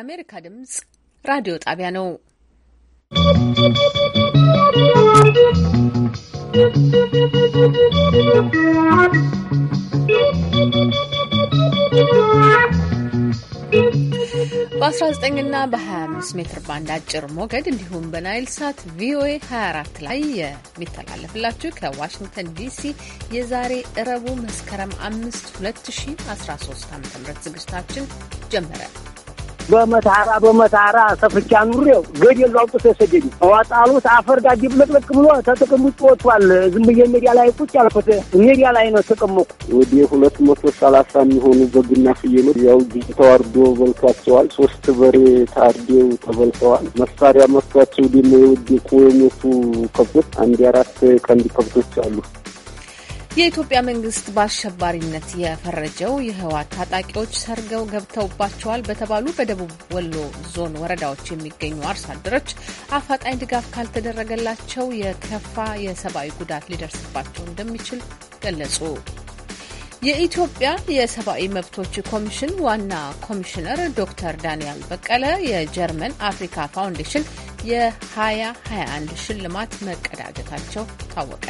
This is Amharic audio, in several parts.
የአሜሪካ ድምፅ ራዲዮ ጣቢያ ነው። በ19ና በ25 ሜትር ባንድ አጭር ሞገድ እንዲሁም በናይል ሳት ቪኦኤ 24 ላይ የሚተላለፍላችሁ ከዋሽንግተን ዲሲ የዛሬ እረቡ መስከረም 5 2013 ዓ ም ዝግጅታችን ጀመረ። በመታራ በመታራ ሰፍቻ ኑሬው ገደሉ አውጥቶ ሰደኝ አዋጣሉት አፈር ጋር ብለቅለቅ ብሎ ተጥቅም ውጭ ወጥቷል። ዝም ብዬ ሜዲያ ላይ ቁጭ አልኩት። ሜዲያ ላይ ነው ተቀመኩ ወደ ሁለት መቶ ሰላሳ የሚሆኑ በግና ፍየሎች ያው ጊዜ ተዋርዶ በልቷቸዋል። ሶስት በሬ ታርዴው ተበልተዋል። መሳሪያ መቷቸው ደግሞ የወደቁ የሞቱ ከብቶች አንድ አራት ቀንድ ከብቶች አሉ። የኢትዮጵያ መንግስት በአሸባሪነት የፈረጀው የህወሓት ታጣቂዎች ሰርገው ገብተውባቸዋል በተባሉ በደቡብ ወሎ ዞን ወረዳዎች የሚገኙ አርሶ አደሮች አፋጣኝ ድጋፍ ካልተደረገላቸው የከፋ የሰብአዊ ጉዳት ሊደርስባቸው እንደሚችል ገለጹ። የኢትዮጵያ የሰብአዊ መብቶች ኮሚሽን ዋና ኮሚሽነር ዶክተር ዳንኤል በቀለ የጀርመን አፍሪካ ፋውንዴሽን የ2021 ሽልማት መቀዳጀታቸው ታወቀ።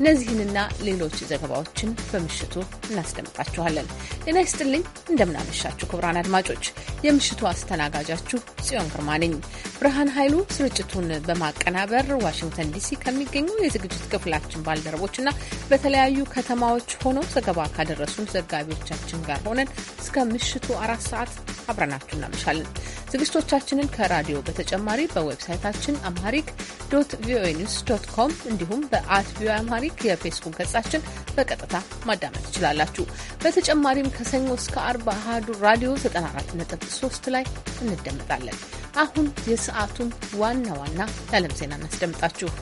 እነዚህንና ሌሎች ዘገባዎችን በምሽቱ እናስደምጣችኋለን። ጤና ይስጥልኝ፣ እንደምናመሻችሁ ክቡራን አድማጮች፣ የምሽቱ አስተናጋጃችሁ ጽዮን ግርማ ነኝ። ብርሃን ኃይሉ ስርጭቱን በማቀናበር ዋሽንግተን ዲሲ ከሚገኙ የዝግጅት ክፍላችን ባልደረቦችና በተለያዩ ከተማዎች ሆነው ዘገባ ካደረሱን ዘጋቢዎቻችን ጋር ሆነን እስከ ምሽቱ አራት ሰዓት አብረናችሁ እናመሻለን። ዝግጅቶቻችንን ከራዲዮ በተጨማሪ በዌብሳ ዌብሳይታችን አምሃሪክ ዶት ቪኦኤ ኒውስ ዶት ኮም እንዲሁም በአት ቪኦኤ አምሃሪክ የፌስቡክ ገጻችን በቀጥታ ማዳመጥ ትችላላችሁ። በተጨማሪም ከሰኞ እስከ አርብ አሃዱ ራዲዮ 94.3 ላይ እንደመጣለን። አሁን የሰዓቱን ዋና ዋና የዓለም ዜና እናስደምጣችሁ።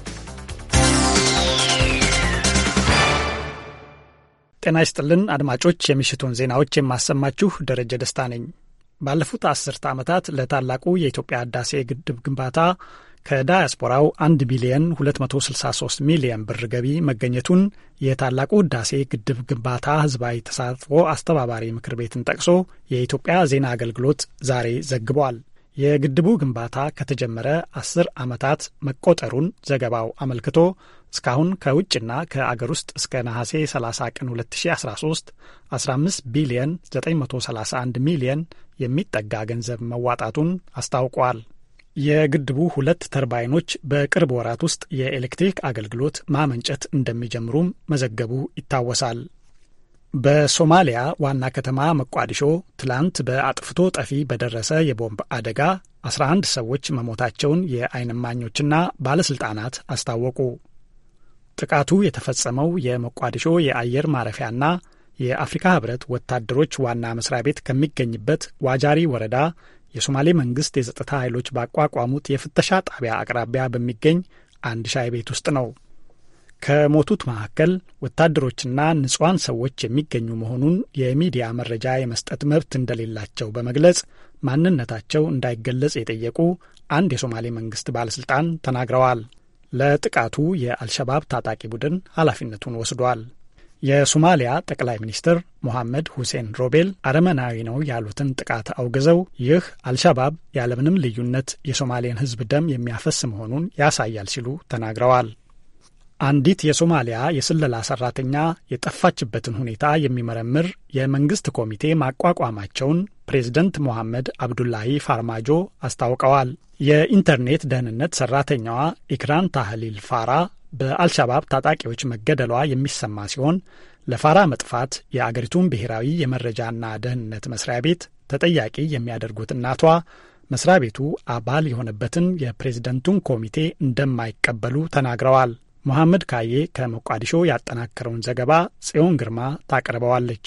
ጤና ይስጥልን አድማጮች፣ የምሽቱን ዜናዎች የማሰማችሁ ደረጀ ደስታ ነኝ። ባለፉት አስርተ ዓመታት ለታላቁ የኢትዮጵያ ህዳሴ ግድብ ግንባታ ከዳያስፖራው 1 ቢሊየን 263 ሚሊየን ብር ገቢ መገኘቱን የታላቁ ህዳሴ ግድብ ግንባታ ህዝባዊ ተሳትፎ አስተባባሪ ምክር ቤትን ጠቅሶ የኢትዮጵያ ዜና አገልግሎት ዛሬ ዘግቧል። የግድቡ ግንባታ ከተጀመረ አስር ዓመታት መቆጠሩን ዘገባው አመልክቶ እስካሁን ከውጭና ከአገር ውስጥ እስከ ነሐሴ 30 ቀን 2013 15 ቢሊየን 931 ሚሊየን የሚጠጋ ገንዘብ መዋጣቱን አስታውቋል። የግድቡ ሁለት ተርባይኖች በቅርብ ወራት ውስጥ የኤሌክትሪክ አገልግሎት ማመንጨት እንደሚጀምሩም መዘገቡ ይታወሳል። በሶማሊያ ዋና ከተማ መቋዲሾ ትላንት በአጥፍቶ ጠፊ በደረሰ የቦምብ አደጋ 11 ሰዎች መሞታቸውን የአይንማኞችና ባለሥልጣናት አስታወቁ። ጥቃቱ የተፈጸመው የሞቃዲሾ የአየር ማረፊያና የአፍሪካ ህብረት ወታደሮች ዋና መስሪያ ቤት ከሚገኝበት ዋጃሪ ወረዳ የሶማሌ መንግስት የጸጥታ ኃይሎች ባቋቋሙት የፍተሻ ጣቢያ አቅራቢያ በሚገኝ አንድ ሻይ ቤት ውስጥ ነው። ከሞቱት መካከል ወታደሮችና ንጹሐን ሰዎች የሚገኙ መሆኑን የሚዲያ መረጃ የመስጠት መብት እንደሌላቸው በመግለጽ ማንነታቸው እንዳይገለጽ የጠየቁ አንድ የሶማሌ መንግስት ባለስልጣን ተናግረዋል። ለጥቃቱ የአልሸባብ ታጣቂ ቡድን ኃላፊነቱን ወስዷል። የሶማሊያ ጠቅላይ ሚኒስትር ሞሐመድ ሁሴን ሮቤል አረመናዊ ነው ያሉትን ጥቃት አውግዘው ይህ አልሸባብ ያለምንም ልዩነት የሶማሌን ሕዝብ ደም የሚያፈስ መሆኑን ያሳያል ሲሉ ተናግረዋል። አንዲት የሶማሊያ የስለላ ሰራተኛ የጠፋችበትን ሁኔታ የሚመረምር የመንግስት ኮሚቴ ማቋቋማቸውን ፕሬዝደንት ሞሐመድ አብዱላሂ ፋርማጆ አስታውቀዋል። የኢንተርኔት ደህንነት ሰራተኛዋ ኢክራን ታህሊል ፋራ በአልሻባብ ታጣቂዎች መገደሏ የሚሰማ ሲሆን ለፋራ መጥፋት የአገሪቱን ብሔራዊ የመረጃና ደህንነት መስሪያ ቤት ተጠያቂ የሚያደርጉት እናቷ መስሪያ ቤቱ አባል የሆነበትን የፕሬዝደንቱን ኮሚቴ እንደማይቀበሉ ተናግረዋል። መሐመድ ካዬ ከሞቃዲሾ ያጠናከረውን ዘገባ ጽዮን ግርማ ታቀርበዋለች።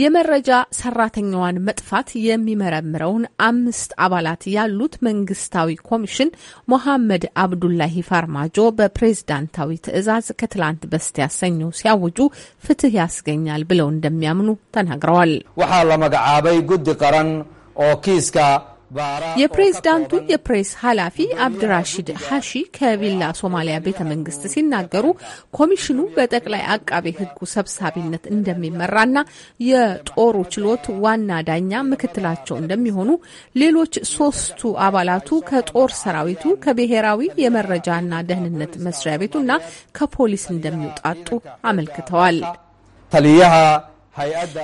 የመረጃ ሰራተኛዋን መጥፋት የሚመረምረውን አምስት አባላት ያሉት መንግስታዊ ኮሚሽን ሞሐመድ አብዱላሂ ፋርማጆ በፕሬዝዳንታዊ ትዕዛዝ ከትላንት በስቲያ ሰኞ ሲያውጁ ፍትህ ያስገኛል ብለው እንደሚያምኑ ተናግረዋል። ወሓ ለመግዓበይ ጉድ ቀረን ኦ ኪስካ የፕሬዝዳንቱ የፕሬስ ኃላፊ አብድራሺድ ሀሺ ከቪላ ሶማሊያ ቤተ መንግስት ሲናገሩ ኮሚሽኑ በጠቅላይ አቃቤ ሕጉ ሰብሳቢነት እንደሚመራና የጦሩ ችሎት ዋና ዳኛ ምክትላቸው እንደሚሆኑ፣ ሌሎች ሶስቱ አባላቱ ከጦር ሰራዊቱ ከብሔራዊ የመረጃና ደህንነት መስሪያ ቤቱና ከፖሊስ እንደሚውጣጡ አመልክተዋል።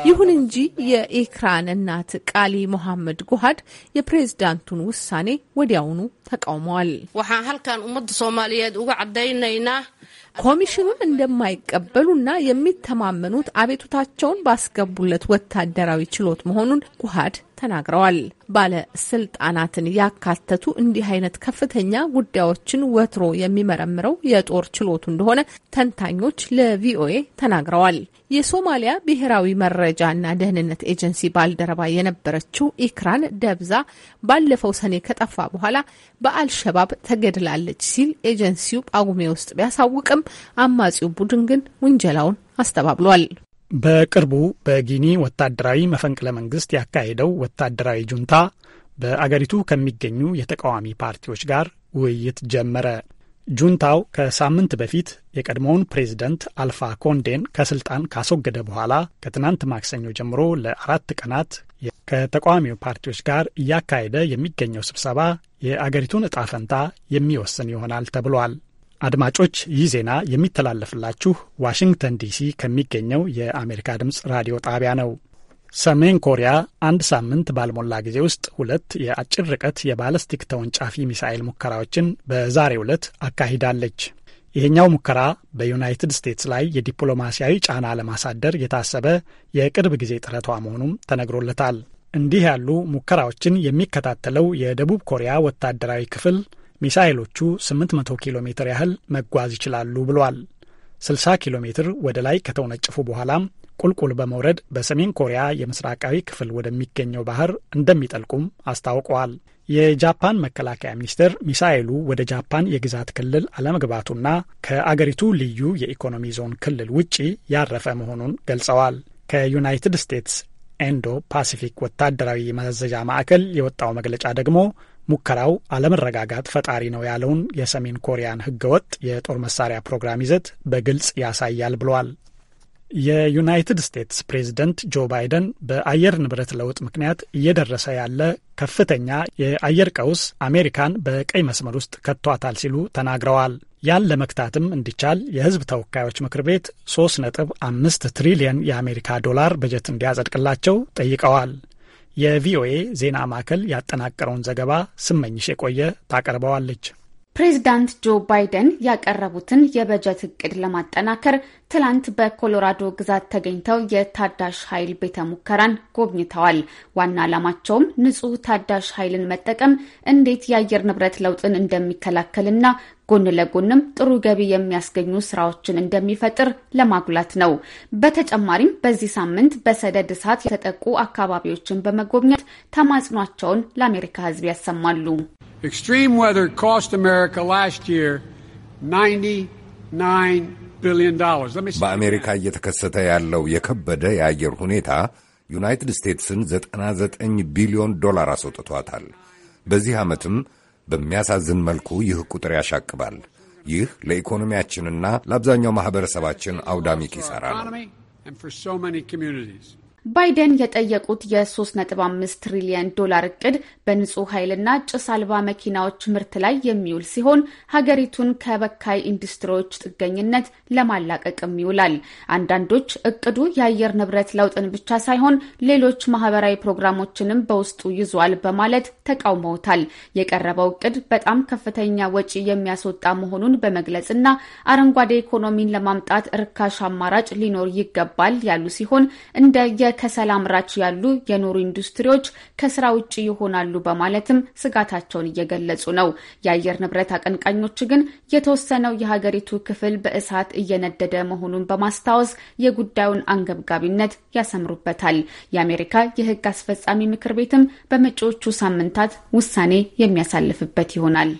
ይሁን እንጂ የኢክራን እናት ቃሊ ሞሐመድ ጉሃድ የፕሬዝዳንቱን ውሳኔ ወዲያውኑ ተቃውመዋል። ውሓ ሀልካን ኡመት soomaaliyeed uga caddaynaynaa ኮሚሽኑን እንደማይቀበሉና የሚተማመኑት አቤቱታቸውን ባስገቡለት ወታደራዊ ችሎት መሆኑን ጉሃድ ተናግረዋል። ባለስልጣናትን ያካተቱ እንዲህ አይነት ከፍተኛ ጉዳዮችን ወትሮ የሚመረምረው የጦር ችሎቱ እንደሆነ ተንታኞች ለቪኦኤ ተናግረዋል። የሶማሊያ ብሔራዊ መረጃና ደህንነት ኤጀንሲ ባልደረባ የነበረችው ኢክራን ደብዛ ባለፈው ሰኔ ከጠፋ በኋላ በአልሸባብ ተገድላለች ሲል ኤጀንሲው ጳጉሜ ውስጥ ቢያሳውቅም አማጺው ቡድን ግን ውንጀላውን አስተባብሏል። በቅርቡ በጊኒ ወታደራዊ መፈንቅለ መንግስት ያካሄደው ወታደራዊ ጁንታ በአገሪቱ ከሚገኙ የተቃዋሚ ፓርቲዎች ጋር ውይይት ጀመረ። ጁንታው ከሳምንት በፊት የቀድሞውን ፕሬዝደንት አልፋ ኮንዴን ከስልጣን ካስወገደ በኋላ ከትናንት ማክሰኞ ጀምሮ ለአራት ቀናት ከተቃዋሚ ፓርቲዎች ጋር እያካሄደ የሚገኘው ስብሰባ የአገሪቱን እጣ ፈንታ የሚወስን ይሆናል ተብሏል። አድማጮች ይህ ዜና የሚተላለፍላችሁ ዋሽንግተን ዲሲ ከሚገኘው የአሜሪካ ድምፅ ራዲዮ ጣቢያ ነው። ሰሜን ኮሪያ አንድ ሳምንት ባልሞላ ጊዜ ውስጥ ሁለት የአጭር ርቀት የባለስቲክ ተወንጫፊ ሚሳኤል ሙከራዎችን በዛሬው ዕለት አካሂዳለች። ይሄኛው ሙከራ በዩናይትድ ስቴትስ ላይ የዲፕሎማሲያዊ ጫና ለማሳደር የታሰበ የቅርብ ጊዜ ጥረቷ መሆኑም ተነግሮለታል። እንዲህ ያሉ ሙከራዎችን የሚከታተለው የደቡብ ኮሪያ ወታደራዊ ክፍል ሚሳኤሎቹ 800 ኪሎ ሜትር ያህል መጓዝ ይችላሉ ብሏል። 60 ኪሎ ሜትር ወደ ላይ ከተወነጨፉ በኋላም ቁልቁል በመውረድ በሰሜን ኮሪያ የምስራቃዊ ክፍል ወደሚገኘው ባህር እንደሚጠልቁም አስታውቀዋል። የጃፓን መከላከያ ሚኒስቴር ሚሳኤሉ ወደ ጃፓን የግዛት ክልል አለመግባቱና ከአገሪቱ ልዩ የኢኮኖሚ ዞን ክልል ውጪ ያረፈ መሆኑን ገልጸዋል። ከዩናይትድ ስቴትስ ኤንዶ ፓሲፊክ ወታደራዊ የማዘዣ ማዕከል የወጣው መግለጫ ደግሞ ሙከራው አለመረጋጋት ፈጣሪ ነው ያለውን የሰሜን ኮሪያን ህገወጥ የጦር መሳሪያ ፕሮግራም ይዘት በግልጽ ያሳያል ብለዋል። የዩናይትድ ስቴትስ ፕሬዝደንት ጆ ባይደን በአየር ንብረት ለውጥ ምክንያት እየደረሰ ያለ ከፍተኛ የአየር ቀውስ አሜሪካን በቀይ መስመር ውስጥ ከቷታል ሲሉ ተናግረዋል። ያን ለመክታትም እንዲቻል የህዝብ ተወካዮች ምክር ቤት 3.5 ትሪሊየን የአሜሪካ ዶላር በጀት እንዲያጸድቅላቸው ጠይቀዋል። የቪኦኤ ዜና ማዕከል ያጠናቀረውን ዘገባ ስመኝሽ የቆየ ታቀርበዋለች። ፕሬዚዳንት ጆ ባይደን ያቀረቡትን የበጀት እቅድ ለማጠናከር ትላንት በኮሎራዶ ግዛት ተገኝተው የታዳሽ ኃይል ቤተ ሙከራን ጎብኝተዋል። ዋና ዓላማቸውም ንጹህ ታዳሽ ኃይልን መጠቀም እንዴት የአየር ንብረት ለውጥን እንደሚከላከልና ጎን ለጎንም ጥሩ ገቢ የሚያስገኙ ስራዎችን እንደሚፈጥር ለማጉላት ነው። በተጨማሪም በዚህ ሳምንት በሰደድ እሳት የተጠቁ አካባቢዎችን በመጎብኘት ተማጽኗቸውን ለአሜሪካ ሕዝብ ያሰማሉ። ኤክስትሪም ዌዘር ኮስት አሜሪካ 99 በአሜሪካ እየተከሰተ ያለው የከበደ የአየር ሁኔታ ዩናይትድ ስቴትስን 99 ቢሊዮን ዶላር አስወጥቷታል። በዚህ ዓመትም በሚያሳዝን መልኩ ይህ ቁጥር ያሻቅባል። ይህ ለኢኮኖሚያችንና ለአብዛኛው ማኅበረሰባችን አውዳሚ ኪሳራ ነው። ባይደን የጠየቁት የ3.5 ትሪሊየን ዶላር እቅድ በንጹህ ኃይልና ጭስ አልባ መኪናዎች ምርት ላይ የሚውል ሲሆን ሀገሪቱን ከበካይ ኢንዱስትሪዎች ጥገኝነት ለማላቀቅም ይውላል። አንዳንዶች እቅዱ የአየር ንብረት ለውጥን ብቻ ሳይሆን ሌሎች ማህበራዊ ፕሮግራሞችንም በውስጡ ይዟል በማለት ተቃውመውታል። የቀረበው እቅድ በጣም ከፍተኛ ወጪ የሚያስወጣ መሆኑን በመግለጽና አረንጓዴ ኢኮኖሚን ለማምጣት እርካሽ አማራጭ ሊኖር ይገባል ያሉ ሲሆን እንደ ከሰል አምራች ያሉ የኖሩ ኢንዱስትሪዎች ከስራ ውጭ ይሆናሉ በማለትም ስጋታቸውን እየገለጹ ነው። የአየር ንብረት አቀንቃኞች ግን የተወሰነው የሀገሪቱ ክፍል በእሳት እየነደደ መሆኑን በማስታወስ የጉዳዩን አንገብጋቢነት ያሰምሩበታል። የአሜሪካ የህግ አስፈጻሚ ምክር ቤትም በመጪዎቹ ሳምንታት ውሳኔ የሚያሳልፍበት ይሆናል።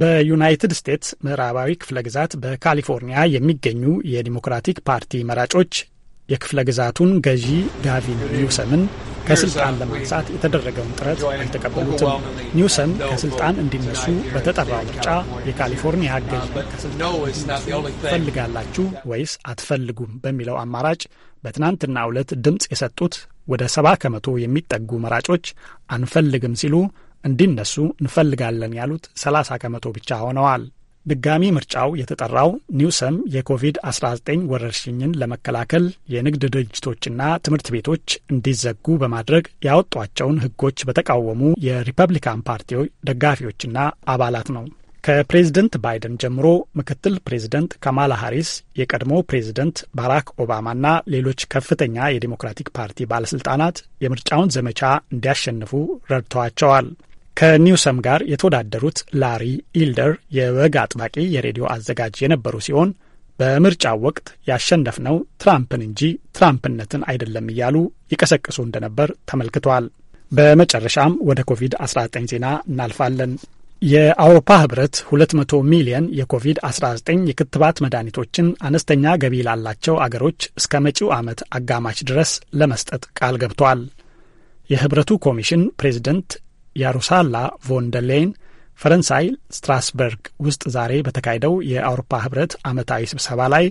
በዩናይትድ ስቴትስ ምዕራባዊ ክፍለ ግዛት በካሊፎርኒያ የሚገኙ የዲሞክራቲክ ፓርቲ መራጮች የክፍለ ግዛቱን ገዢ ጋቪን ኒውሰምን ከስልጣን ለማንሳት የተደረገውን ጥረት አልተቀበሉትም። ኒውሰም ከስልጣን እንዲነሱ በተጠራው ምርጫ የካሊፎርኒያ ገዢ ከስልጣን ትፈልጋላችሁ ወይስ አትፈልጉም በሚለው አማራጭ በትናንትና ዕለት ድምፅ የሰጡት ወደ ሰባ ከመቶ የሚጠጉ መራጮች አንፈልግም ሲሉ እንዲነሱ እንፈልጋለን ያሉት 30 ከመቶ ብቻ ሆነዋል። ድጋሚ ምርጫው የተጠራው ኒውሰም የኮቪድ-19 ወረርሽኝን ለመከላከል የንግድ ድርጅቶችና ትምህርት ቤቶች እንዲዘጉ በማድረግ ያወጧቸውን ሕጎች በተቃወሙ የሪፐብሊካን ፓርቲ ደጋፊዎችና አባላት ነው። ከፕሬዝደንት ባይደን ጀምሮ ምክትል ፕሬዝደንት ካማላ ሃሪስ፣ የቀድሞ ፕሬዝደንት ባራክ ኦባማና ሌሎች ከፍተኛ የዴሞክራቲክ ፓርቲ ባለስልጣናት የምርጫውን ዘመቻ እንዲያሸንፉ ረድተዋቸዋል። ከኒውሰም ጋር የተወዳደሩት ላሪ ኢልደር የወግ አጥባቂ የሬዲዮ አዘጋጅ የነበሩ ሲሆን በምርጫው ወቅት ያሸነፍነው ትራምፕን እንጂ ትራምፕነትን አይደለም እያሉ ይቀሰቅሱ እንደነበር ተመልክቷል። በመጨረሻም ወደ ኮቪድ-19 ዜና እናልፋለን። የአውሮፓ ህብረት 200 ሚሊየን የኮቪድ-19 የክትባት መድኃኒቶችን አነስተኛ ገቢ ላላቸው አገሮች እስከ መጪው ዓመት አጋማሽ ድረስ ለመስጠት ቃል ገብቷል። የህብረቱ ኮሚሽን ፕሬዝደንት ያሩሳላ ቮንደሌን ፈረንሳይ ስትራስበርግ ውስጥ ዛሬ በተካሄደው የአውሮፓ ህብረት ዓመታዊ ስብሰባ ላይ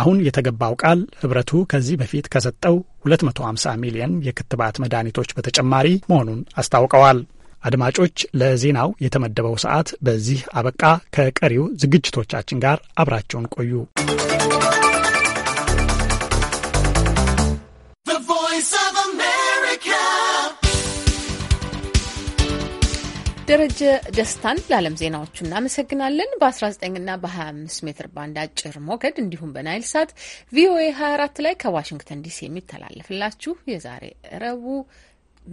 አሁን የተገባው ቃል ህብረቱ ከዚህ በፊት ከሰጠው 250 ሚሊየን የክትባት መድኃኒቶች በተጨማሪ መሆኑን አስታውቀዋል። አድማጮች፣ ለዜናው የተመደበው ሰዓት በዚህ አበቃ። ከቀሪው ዝግጅቶቻችን ጋር አብራቸውን ቆዩ። ደረጀ ደስታን ለዓለም ዜናዎቹ እናመሰግናለን። 19 እና በ25 ሜትር ባንድ አጭር ሞገድ እንዲሁም በናይል ሳት ቪኦኤ 24 ላይ ከዋሽንግተን ዲሲ የሚተላለፍላችሁ የዛሬ ረቡዕ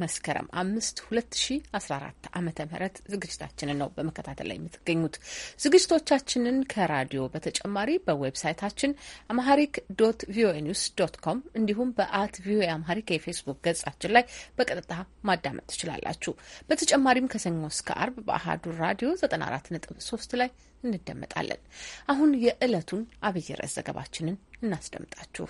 መስከረም አምስት ሁለት ሺ አስራ አራት አመተ ምህረት ዝግጅታችንን ነው በመከታተል ላይ የምትገኙት። ዝግጅቶቻችንን ከራዲዮ በተጨማሪ በዌብሳይታችን አማሀሪክ ዶት ቪኦኤ ኒውስ ዶት ኮም እንዲሁም በአት ቪኦኤ አማሪክ የፌስቡክ ገጻችን ላይ በቀጥታ ማዳመጥ ትችላላችሁ። በተጨማሪም ከሰኞ እስከ አርብ በአሀዱ ራዲዮ ዘጠና አራት ነጥብ ሶስት ላይ እንደመጣለን። አሁን የዕለቱን አብይ ርዕስ ዘገባችንን እናስደምጣችሁ።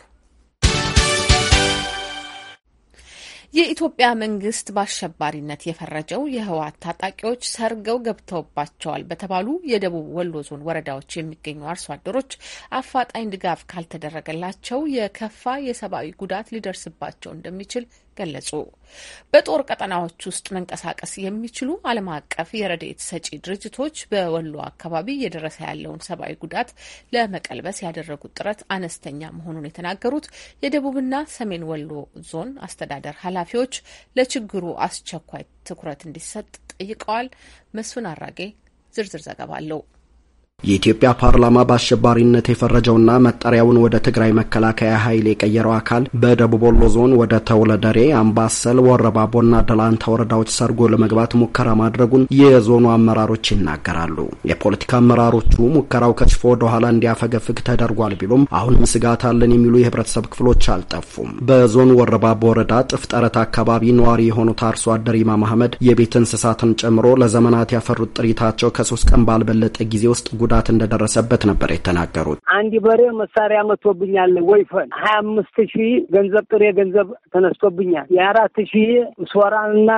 የኢትዮጵያ መንግስት በአሸባሪነት የፈረጀው የህወሓት ታጣቂዎች ሰርገው ገብተውባቸዋል በተባሉ የደቡብ ወሎ ዞን ወረዳዎች የሚገኙ አርሶ አደሮች አፋጣኝ ድጋፍ ካልተደረገላቸው የከፋ የሰብአዊ ጉዳት ሊደርስባቸው እንደሚችል ገለጹ። በጦር ቀጠናዎች ውስጥ መንቀሳቀስ የሚችሉ ዓለም አቀፍ የረድኤት ሰጪ ድርጅቶች በወሎ አካባቢ እየደረሰ ያለውን ሰብአዊ ጉዳት ለመቀልበስ ያደረጉት ጥረት አነስተኛ መሆኑን የተናገሩት የደቡብና ሰሜን ወሎ ዞን አስተዳደር ኃላፊዎች ለችግሩ አስቸኳይ ትኩረት እንዲሰጥ ጠይቀዋል። መስፍን አራጌ ዝርዝር ዘገባ አለው። የኢትዮጵያ ፓርላማ በአሸባሪነት የፈረጀውና መጠሪያውን ወደ ትግራይ መከላከያ ኃይል የቀየረው አካል በደቡብ ወሎ ዞን ወደ ተውለደሬ፣ አምባሰል፣ ወረባቦና ደላንታ ወረዳዎች ሰርጎ ለመግባት ሙከራ ማድረጉን የዞኑ አመራሮች ይናገራሉ። የፖለቲካ አመራሮቹ ሙከራው ከሽፎ ወደኋላ እንዲያፈገፍግ ተደርጓል ቢሉም አሁንም ስጋት አለን የሚሉ የህብረተሰብ ክፍሎች አልጠፉም። በዞኑ ወረባቦ ወረዳ ጥፍ ጠረት አካባቢ ነዋሪ የሆኑት አርሶ አደር ኢማም አህመድ የቤት እንስሳትን ጨምሮ ለዘመናት ያፈሩት ጥሪታቸው ከሶስት ቀን ባልበለጠ ጊዜ ውስጥ ጉዳት እንደደረሰበት ነበር የተናገሩት። አንድ በሬ መሳሪያ መቶብኛል፣ ወይፈን ሀያ አምስት ሺህ ገንዘብ ጥሬ ገንዘብ ተነስቶብኛል። የአራት ሺህ ሶራንና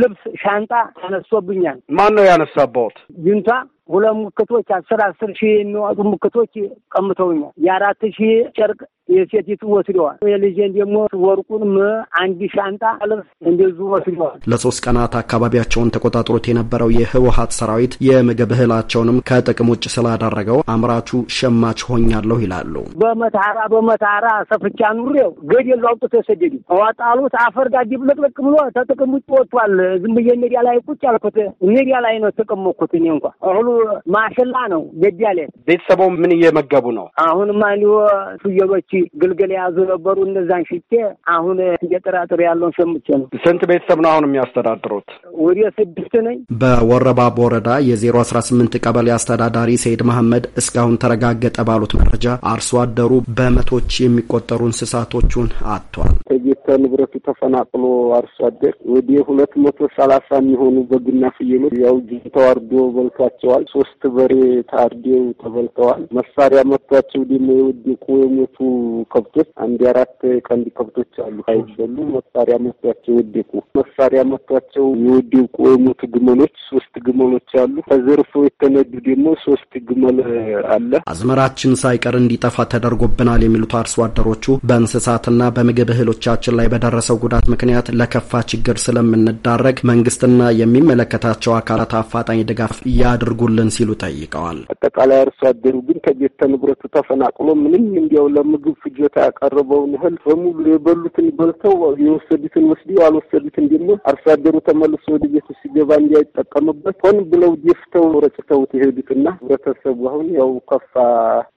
ልብስ ሻንጣ ተነስቶብኛል። ማን ነው ያነሳባውት? ጅንቷ ሁለት ሙክቶች አስር አስር ሺህ የሚዋጡ ሙክቶች ቀምተውኛል። የአራት ሺህ ጨርቅ የሴቲቱ ወስደዋል። የልጄን ደግሞ ወርቁንም አንድ ሻንጣ ልብስ እንደዙ ወስደዋል። ለሶስት ቀናት አካባቢያቸውን ተቆጣጥሮት የነበረው የህወሀት ሰራዊት የምግብ እህላቸውንም ከጥቅም ውጭ ስላደረገው አምራቹ ሸማች ሆኛለሁ ይላሉ። በመታራ በመታራ ሰፍቻ ኑሬው ገደሉ አውጡ ተሰደዱ አዋጣሉት አፈር ጋ ድብልቅልቅ ብሎ ተጥቅም ውጭ ወጥቷል። ዝም ብዬ ሜዲያ ላይ ቁጭ ያልኩት ሜዲያ ላይ ነው ተቀመኩት። እኔ እንኳ እህሉ ማሽላ ነው ገጃሌ ቤተሰቦ ምን እየመገቡ ነው? አሁን ማሊዮ ፍየሎች ግልግል የያዙ ነበሩ። እነዛን ሽጬ አሁን የጥራጥሬ ያለውን ሰምቼ ነው። ስንት ቤተሰብ ነው አሁን የሚያስተዳድሩት? ወደ ስድስት ነኝ። በወረባቦ ወረዳ የዜሮ አስራ ስምንት ቀበሌ አስተዳዳሪ ሰይድ መሐመድ እስካሁን ተረጋገጠ ባሉት መረጃ አርሶ አደሩ በመቶች የሚቆጠሩ እንስሳቶቹን አጥቷል። ከንብረቱ ተፈናቅሎ አርሶ አደር ወደ ሁለት መቶ ሰላሳ የሚሆኑ በግና ፍየሎች ያው ተዋርዶ በልቷቸዋል። ሶስት በሬ ታርዴው ተበልተዋል። መሳሪያ መቷቸው ደግሞ የወደቁ የሞቱ ከብቶች አንድ አራት ቀንድ ከብቶች አሉ አይበሉ መሳሪያ መቷቸው የወደቁ መሳሪያ መቷቸው የወደቁ የሞቱ ግመሎች ሶስት ግመሎች አሉ። ተዘርፎ የተነዱ ደግሞ ሶስት ግመል አለ። አዝመራችን ሳይቀር እንዲጠፋ ተደርጎብናል የሚሉት አርሶ አደሮቹ በእንስሳትና በምግብ እህሎቻችን በሕዝባችን ላይ በደረሰው ጉዳት ምክንያት ለከፋ ችግር ስለምንዳረግ መንግስትና የሚመለከታቸው አካላት አፋጣኝ ድጋፍ እያድርጉልን ሲሉ ጠይቀዋል። አጠቃላይ አርሶ አደሩ ግን ከቤት ንብረቱ ተፈናቅሎ ምንም እንዲያው ለምግብ ፍጆታ ያቀረበውን እህል በሙሉ የበሉትን በልተው የወሰዱትን ወስዲ አልወሰዱትን ደግሞ አርሶ አደሩ ተመልሶ ወደ ቤቱ ሲገባ እንዲያይጠቀምበት ሆን ብለው ደፍተው ረጭተውት የሄዱትና ህብረተሰቡ አሁን ያው ከፋ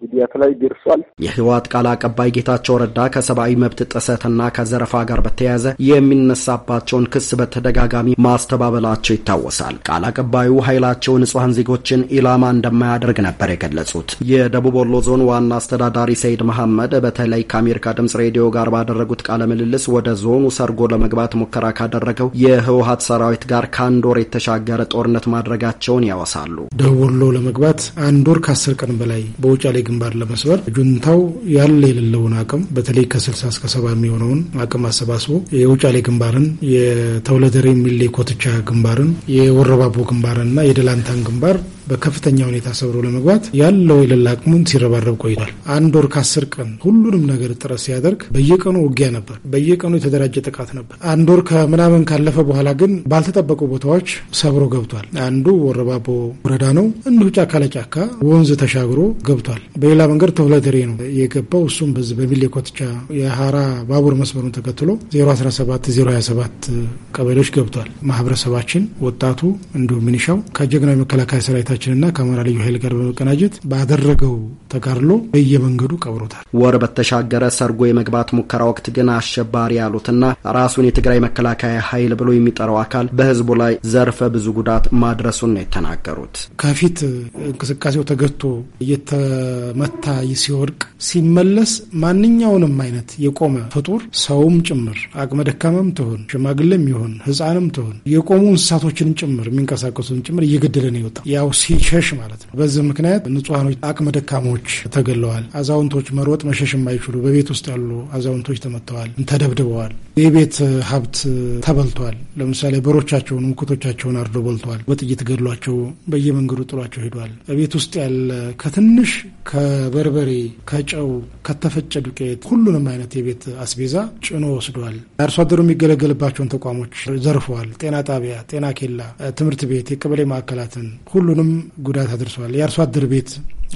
ጉዳት ላይ ደርሷል። የህወሓት ቃል አቀባይ ጌታቸው ረዳ ከሰብአዊ መብት ጥሰትና ከዘረ ዘረፋ ጋር በተያያዘ የሚነሳባቸውን ክስ በተደጋጋሚ ማስተባበላቸው ይታወሳል። ቃል አቀባዩ ኃይላቸው ንጹሐን ዜጎችን ኢላማ እንደማያደርግ ነበር የገለጹት። የደቡብ ወሎ ዞን ዋና አስተዳዳሪ ሰይድ መሐመድ በተለይ ከአሜሪካ ድምጽ ሬዲዮ ጋር ባደረጉት ቃለ ምልልስ ወደ ዞኑ ሰርጎ ለመግባት ሙከራ ካደረገው የህወሀት ሰራዊት ጋር ከአንድ ወር የተሻገረ ጦርነት ማድረጋቸውን ያወሳሉ። ደቡብ ወሎ ለመግባት አንድ ወር ከአስር ቀን በላይ በውጫሌ ግንባር ለመስበር ጁንታው ያለ የሌለውን አቅም በተለይ ከ60 እስከ ሰባ የሚሆነውን አቅም አቅም አሰባስቦ የውጫሌ ግንባርን፣ የተውለደሬ ሚሌ ኮትቻ ግንባርን፣ የወረባቦ ግንባርንና የደላንታን ግንባር በከፍተኛ ሁኔታ ሰብሮ ለመግባት ያለው የሌላ አቅሙን ሲረባረብ ቆይቷል። አንድ ወር ከአስር ቀን ሁሉንም ነገር ጥረት ሲያደርግ በየቀኑ ውጊያ ነበር። በየቀኑ የተደራጀ ጥቃት ነበር። አንድ ወር ከምናምን ካለፈ በኋላ ግን ባልተጠበቁ ቦታዎች ሰብሮ ገብቷል። አንዱ ወረባቦ ወረዳ ነው። እንዲሁ ጫካ ለጫካ ወንዝ ተሻግሮ ገብቷል። በሌላ መንገድ ተሁለደሬ ነው የገባው። እሱም በዚህ በሚሌ ኮትቻ የሀራ ባቡር መስመሩን ተከትሎ 017 027 ቀበሌዎች ገብቷል። ማህበረሰባችን ወጣቱ እንዲሁም ሚኒሻው ከጀግናዊ መከላከያ ሰራዊታ ሰራዊታችንና ከአማራ ልዩ ኃይል ጋር በመቀናጀት ባደረገው ተጋድሎ በየመንገዱ ቀብሮታል። ወር በተሻገረ ሰርጎ የመግባት ሙከራ ወቅት ግን አሸባሪ ያሉትና ራሱን የትግራይ መከላከያ ኃይል ብሎ የሚጠራው አካል በህዝቡ ላይ ዘርፈ ብዙ ጉዳት ማድረሱን ነው የተናገሩት። ከፊት እንቅስቃሴው ተገቶ እየተመታ ሲወድቅ ሲመለስ ማንኛውንም አይነት የቆመ ፍጡር ሰውም ጭምር አቅመ ደካማም ትሆን ሽማግሌም ይሆን ህፃንም ትሆን የቆሙ እንስሳቶችን ጭምር የሚንቀሳቀሱን ጭምር እየገደለ ነው ይወጣ ያው ሲሸሽ ማለት ነው። በዚህ ምክንያት ንጹሐኖች አቅመ ደካሞች ሰዎች ተገለዋል። አዛውንቶች መሮጥ መሸሽ የማይችሉ በቤት ውስጥ ያሉ አዛውንቶች ተመተዋል፣ ተደብድበዋል። የቤት ሀብት ተበልቷል። ለምሳሌ በሮቻቸውን፣ ሙክቶቻቸውን አርዶ በልተዋል። በጥይት ገድሏቸው በየመንገዱ ጥሏቸው ሄዷል። በቤት ውስጥ ያለ ከትንሽ ከበርበሬ፣ ከጨው፣ ከተፈጨ ዱቄት ሁሉንም አይነት የቤት አስቤዛ ጭኖ ወስዷል። አርሶ አደሩ የሚገለገልባቸውን ተቋሞች ዘርፈዋል። ጤና ጣቢያ፣ ጤና ኬላ፣ ትምህርት ቤት፣ የቀበሌ ማዕከላትን ሁሉንም ጉዳት አድርሰዋል። የአርሶ አደር ቤት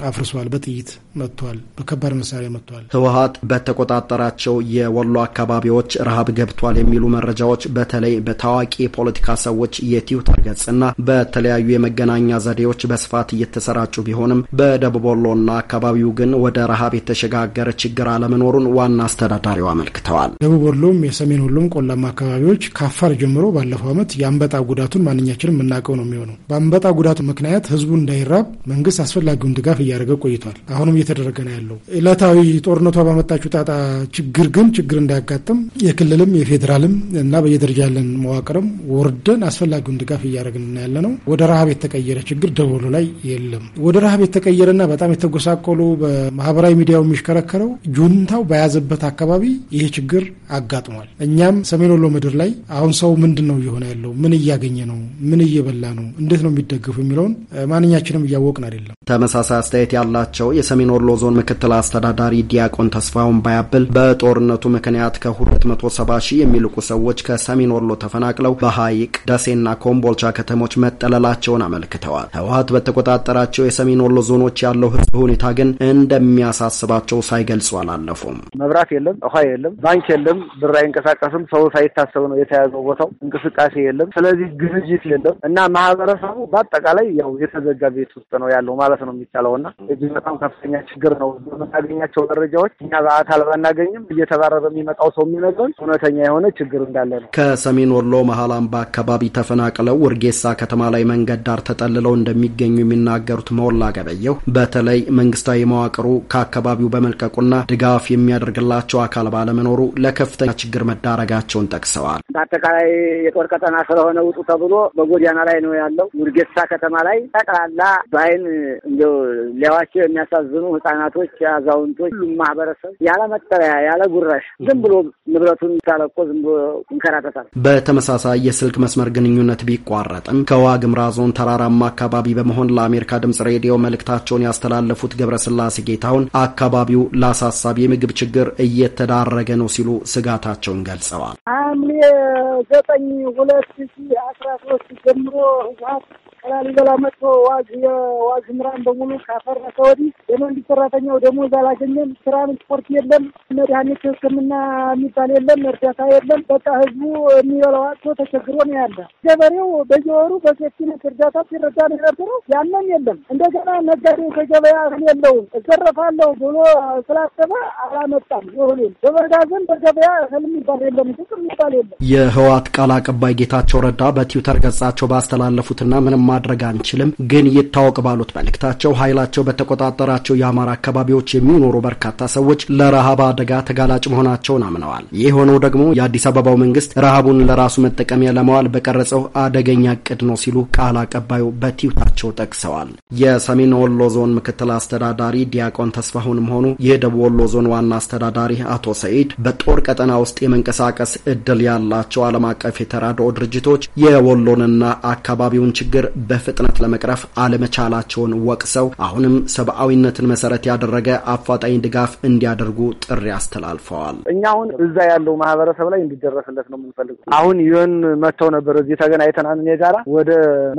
አፍርሷል። በጥይት መጥቷል። በከባድ መሳሪያ መጥቷል። ህወሀት በተቆጣጠራቸው የወሎ አካባቢዎች ረሃብ ገብቷል የሚሉ መረጃዎች በተለይ በታዋቂ የፖለቲካ ሰዎች የትዊተር ገጽና በተለያዩ የመገናኛ ዘዴዎች በስፋት እየተሰራጩ ቢሆንም በደቡብ ወሎና አካባቢው ግን ወደ ረሃብ የተሸጋገረ ችግር አለመኖሩን ዋና አስተዳዳሪው አመልክተዋል። ደቡብ ወሎም የሰሜን ሁሉም ቆላማ አካባቢዎች ከአፋር ጀምሮ ባለፈው ዓመት የአንበጣ ጉዳቱን ማንኛችንም የምናውቀው ነው የሚሆነው። በአንበጣ ጉዳቱ ምክንያት ህዝቡ እንዳይራብ መንግስት አስፈላጊውን ድጋፍ እያደረገ ቆይቷል። አሁንም እየተደረገ ነው ያለው። እለታዊ ጦርነቷ ባመጣችው ጣጣ ችግር ግን ችግር እንዳያጋጥም የክልልም የፌዴራልም እና በየደረጃ ያለን መዋቅርም ወርደን አስፈላጊውን ድጋፍ እያደረግን ያለ ነው። ወደ ረሃብ የተቀየረ ችግር ደወሉ ላይ የለም። ወደ ረሃብ የተቀየረና በጣም የተጎሳቆሉ በማህበራዊ ሚዲያው የሚሽከረከረው ጁንታው በያዘበት አካባቢ ይሄ ችግር አጋጥሟል። እኛም ሰሜን ወሎ ምድር ላይ አሁን ሰው ምንድን ነው እየሆነ ያለው? ምን እያገኘ ነው? ምን እየበላ ነው? እንዴት ነው የሚደግፉ የሚለውን ማንኛችንም እያወቅን አይደለም። ተመሳሳይ አስተያየት ያላቸው የሰሜን ወሎ ዞን ምክትል አስተዳዳሪ ዲያቆን ተስፋውን ባያብል በጦርነቱ ምክንያት ከ270 ሺህ የሚልቁ ሰዎች ከሰሜን ወሎ ተፈናቅለው በሐይቅ ደሴና ኮምቦልቻ ከተሞች መጠለላቸውን አመልክተዋል። ህወሀት በተቆጣጠራቸው የሰሜን ወሎ ዞኖች ያለው ህዝብ ሁኔታ ግን እንደሚያሳስባቸው ሳይገልጹ አላለፉም። መብራት የለም፣ ውሃ የለም፣ ባንክ የለም፣ ብር አይንቀሳቀስም። ሰው ሳይታሰብ ነው የተያዘው ቦታው። እንቅስቃሴ የለም። ስለዚህ ግንጅት የለም እና ማህበረሰቡ በአጠቃላይ ያው የተዘጋ ቤት ውስጥ ነው ያለው ማለት ነው የሚቻለው እና እጅግ በጣም ከፍተኛ ችግር ነው። በምናገኛቸው መረጃዎች እኛ በአካል ባናገኝም እየተባረረ የሚመጣው ሰው የሚነግረን እውነተኛ የሆነ ችግር እንዳለ ነው። ከሰሜን ወሎ መሀል አምባ አካባቢ ተፈናቅለው ውርጌሳ ከተማ ላይ መንገድ ዳር ተጠልለው እንደሚገኙ የሚናገሩት መወላ ገበየው በተለይ መንግስታዊ መዋቅሩ ከአካባቢው በመልቀቁና ድጋፍ የሚያደርግላቸው አካል ባለመኖሩ ለከፍተኛ ችግር መዳረጋቸውን ጠቅሰዋል። በአጠቃላይ የጦር ቀጠና ስለሆነ ውጡ ተብሎ በጎዳና ላይ ነው ያለው። ውርጌሳ ከተማ ላይ ጠቅላላ በአይን እንደ ሊያዋቸው የሚያሳዝኑ ህጻናቶች፣ አዛውንቶች፣ ማህበረሰብ ያለ መጠለያ ያለ ጉራሽ ዝም ብሎ ንብረቱን ታለቆ ዝም ብሎ ይንከራተታል። በተመሳሳይ የስልክ መስመር ግንኙነት ቢቋረጥም ከዋግምራ ዞን ተራራማ አካባቢ በመሆን ለአሜሪካ ድምጽ ሬዲዮ መልእክታቸውን ያስተላለፉት ገብረስላሴ ጌታሁን አካባቢው ለአሳሳቢ የምግብ ችግር እየተዳረገ ነው ሲሉ ስጋታቸውን ገልጸዋል። ሐምሌ ዘጠኝ ሁለት ሺ አስራ ሶስት ጀምሮ ህወሀት ከላሊበላ መጥቶ ዋግ የዋግ ምራን በሙሉ ካፈረሰ ወዲህ የመንግስት ሰራተኛው ደሞዝ አላገኘም። ስራ፣ ስፖርት የለም። መድኃኒት፣ ሕክምና የሚባል የለም። እርዳታ የለም። በቃ ህዝቡ የሚበላው አጥቶ ተቸግሮ ነው ያለ። ገበሬው በየወሩ በሴፍቲነት እርዳታ ሲረዳ ነው የነበረው። ያንም የለም። እንደገና ነጋዴው ከገበያ እህል የለውም እዘረፋለሁ ብሎ ስላሰበ አላመጣም። ይሁሉም በመጋዘን በገበያ እህል የሚባል የለም። ፍቅር የሚባል የለም። የህወሓት ቃል አቀባይ ጌታቸው ረዳ በትዊተር ገጻቸው ባስተላለፉትና ምንም ማድረግ አንችልም፣ ግን ይታወቅ ባሉት መልእክታቸው ኃይላቸው በተቆጣጠራቸው የአማራ አካባቢዎች የሚኖሩ በርካታ ሰዎች ለረሃብ አደጋ ተጋላጭ መሆናቸውን አምነዋል። ይህ ሆነው ደግሞ የአዲስ አበባው መንግስት ረሃቡን ለራሱ መጠቀሚያ ለመዋል በቀረጸው አደገኛ እቅድ ነው ሲሉ ቃል አቀባዩ በቲዩታቸው ጠቅሰዋል። የሰሜን ወሎ ዞን ምክትል አስተዳዳሪ ዲያቆን ተስፋሁንም ሆኑ የደቡብ ወሎ ዞን ዋና አስተዳዳሪ አቶ ሰይድ በጦር ቀጠና ውስጥ የመንቀሳቀስ እድል ያላቸው ዓለም አቀፍ የተራድኦ ድርጅቶች የወሎንና አካባቢውን ችግር በፍጥነት ለመቅረፍ አለመቻላቸውን ወቅሰው አሁንም ሰብአዊነትን መሰረት ያደረገ አፋጣኝ ድጋፍ እንዲያደርጉ ጥሪ አስተላልፈዋል። እኛ አሁን እዛ ያለው ማህበረሰብ ላይ እንዲደረስለት ነው የምንፈልገው። አሁን ዩን መጥተው ነበር እዚህ ተገናኝተናን ጋራ ወደ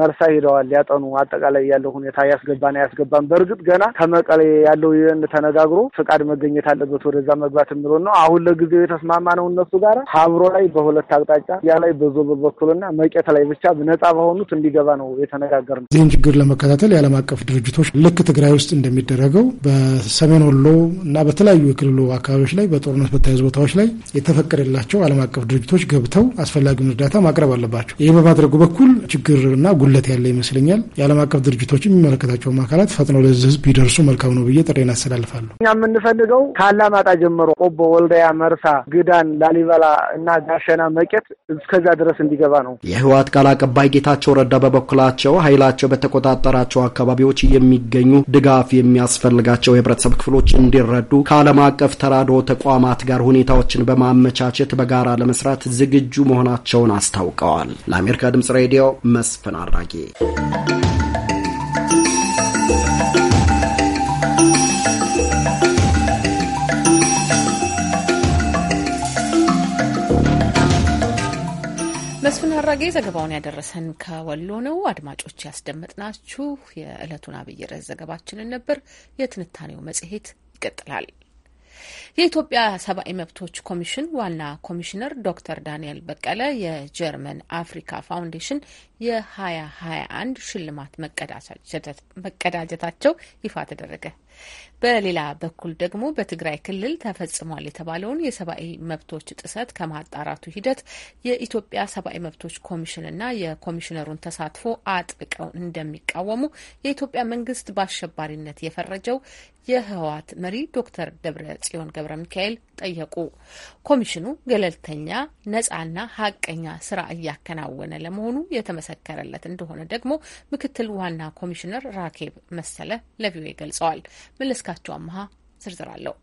መርሳ ሄደዋል ያጠኑ አጠቃላይ ያለው ሁኔታ ያስገባን ያስገባን። በእርግጥ ገና ከመቀሌ ያለው ዩን ተነጋግሮ ፍቃድ መገኘት አለበት ወደዛ መግባት የሚለውን ነው። አሁን ለጊዜው የተስማማ ነው እነሱ ጋር ሀብሮ ላይ በሁለት አቅጣጫ ያ ላይ በዞብል በኩልና መቄት ላይ ብቻ ነጻ በሆኑት እንዲገባ ነው የተነጋገርነው። ይህን ችግር ለመከታተል የዓለም አቀፍ ድርጅቶች ልክ ትግራይ ውስጥ እንደሚደረገው በሰሜን ወሎ እና በተለያዩ የክልሉ አካባቢዎች ላይ በጦርነት በተያዙ ቦታዎች ላይ የተፈቀደላቸው ዓለም አቀፍ ድርጅቶች ገብተው አስፈላጊውን እርዳታ ማቅረብ አለባቸው። ይህ በማድረጉ በኩል ችግርና ጉለት ያለ ይመስለኛል። የዓለም አቀፍ ድርጅቶች የሚመለከታቸውም አካላት ፈጥነው ለዚህ ህዝብ ቢደርሱ መልካም ነው ብዬ ጥሬን አስተላልፋለሁ። እኛ የምንፈልገው ከአላማጣ ጀምሮ ቆቦ፣ ወልዳያ፣ መርሳ፣ ግዳን፣ ላሊበላ እና ጋሸና መቄት እስከዛ ድረስ እንዲገባ ነው። የህወሓት ቃል አቀባይ ጌታቸው ረዳ በበኩላቸው ያላቸው ኃይላቸው በተቆጣጠራቸው አካባቢዎች የሚገኙ ድጋፍ የሚያስፈልጋቸው የህብረተሰብ ክፍሎች እንዲረዱ ከዓለም አቀፍ ተራድኦ ተቋማት ጋር ሁኔታዎችን በማመቻቸት በጋራ ለመስራት ዝግጁ መሆናቸውን አስታውቀዋል። ለአሜሪካ ድምጽ ሬዲዮ መስፍን አራጌ አራጌ ዘገባውን ያደረሰን ከወሎ ነው። አድማጮች ያስደመጥናችሁ የዕለቱን አብይ ርዕስ ዘገባችንን ነበር። የትንታኔው መጽሔት ይቀጥላል። የኢትዮጵያ ሰብአዊ መብቶች ኮሚሽን ዋና ኮሚሽነር ዶክተር ዳንኤል በቀለ የጀርመን አፍሪካ ፋውንዴሽን የ2021 ሽልማት መቀዳጀታቸው ይፋ ተደረገ። በሌላ በኩል ደግሞ በትግራይ ክልል ተፈጽሟል የተባለውን የሰብአዊ መብቶች ጥሰት ከማጣራቱ ሂደት የኢትዮጵያ ሰብአዊ መብቶች ኮሚሽንና የኮሚሽነሩን ተሳትፎ አጥብቀው እንደሚቃወሙ የኢትዮጵያ መንግስት በአሸባሪነት የፈረጀው የህወሓት መሪ ዶክተር ደብረ ጽዮን ገብረ ሚካኤል ጠየቁ። ኮሚሽኑ ገለልተኛ ነጻና ሀቀኛ ስራ እያከናወነ ለመሆኑ የተመሰከረለት እንደሆነ ደግሞ ምክትል ዋና ኮሚሽነር ራኬብ መሰለ ለቪኦኤ ገልጸዋል። መለስካ መለስካቸው አመሃ ዝርዝር አለው።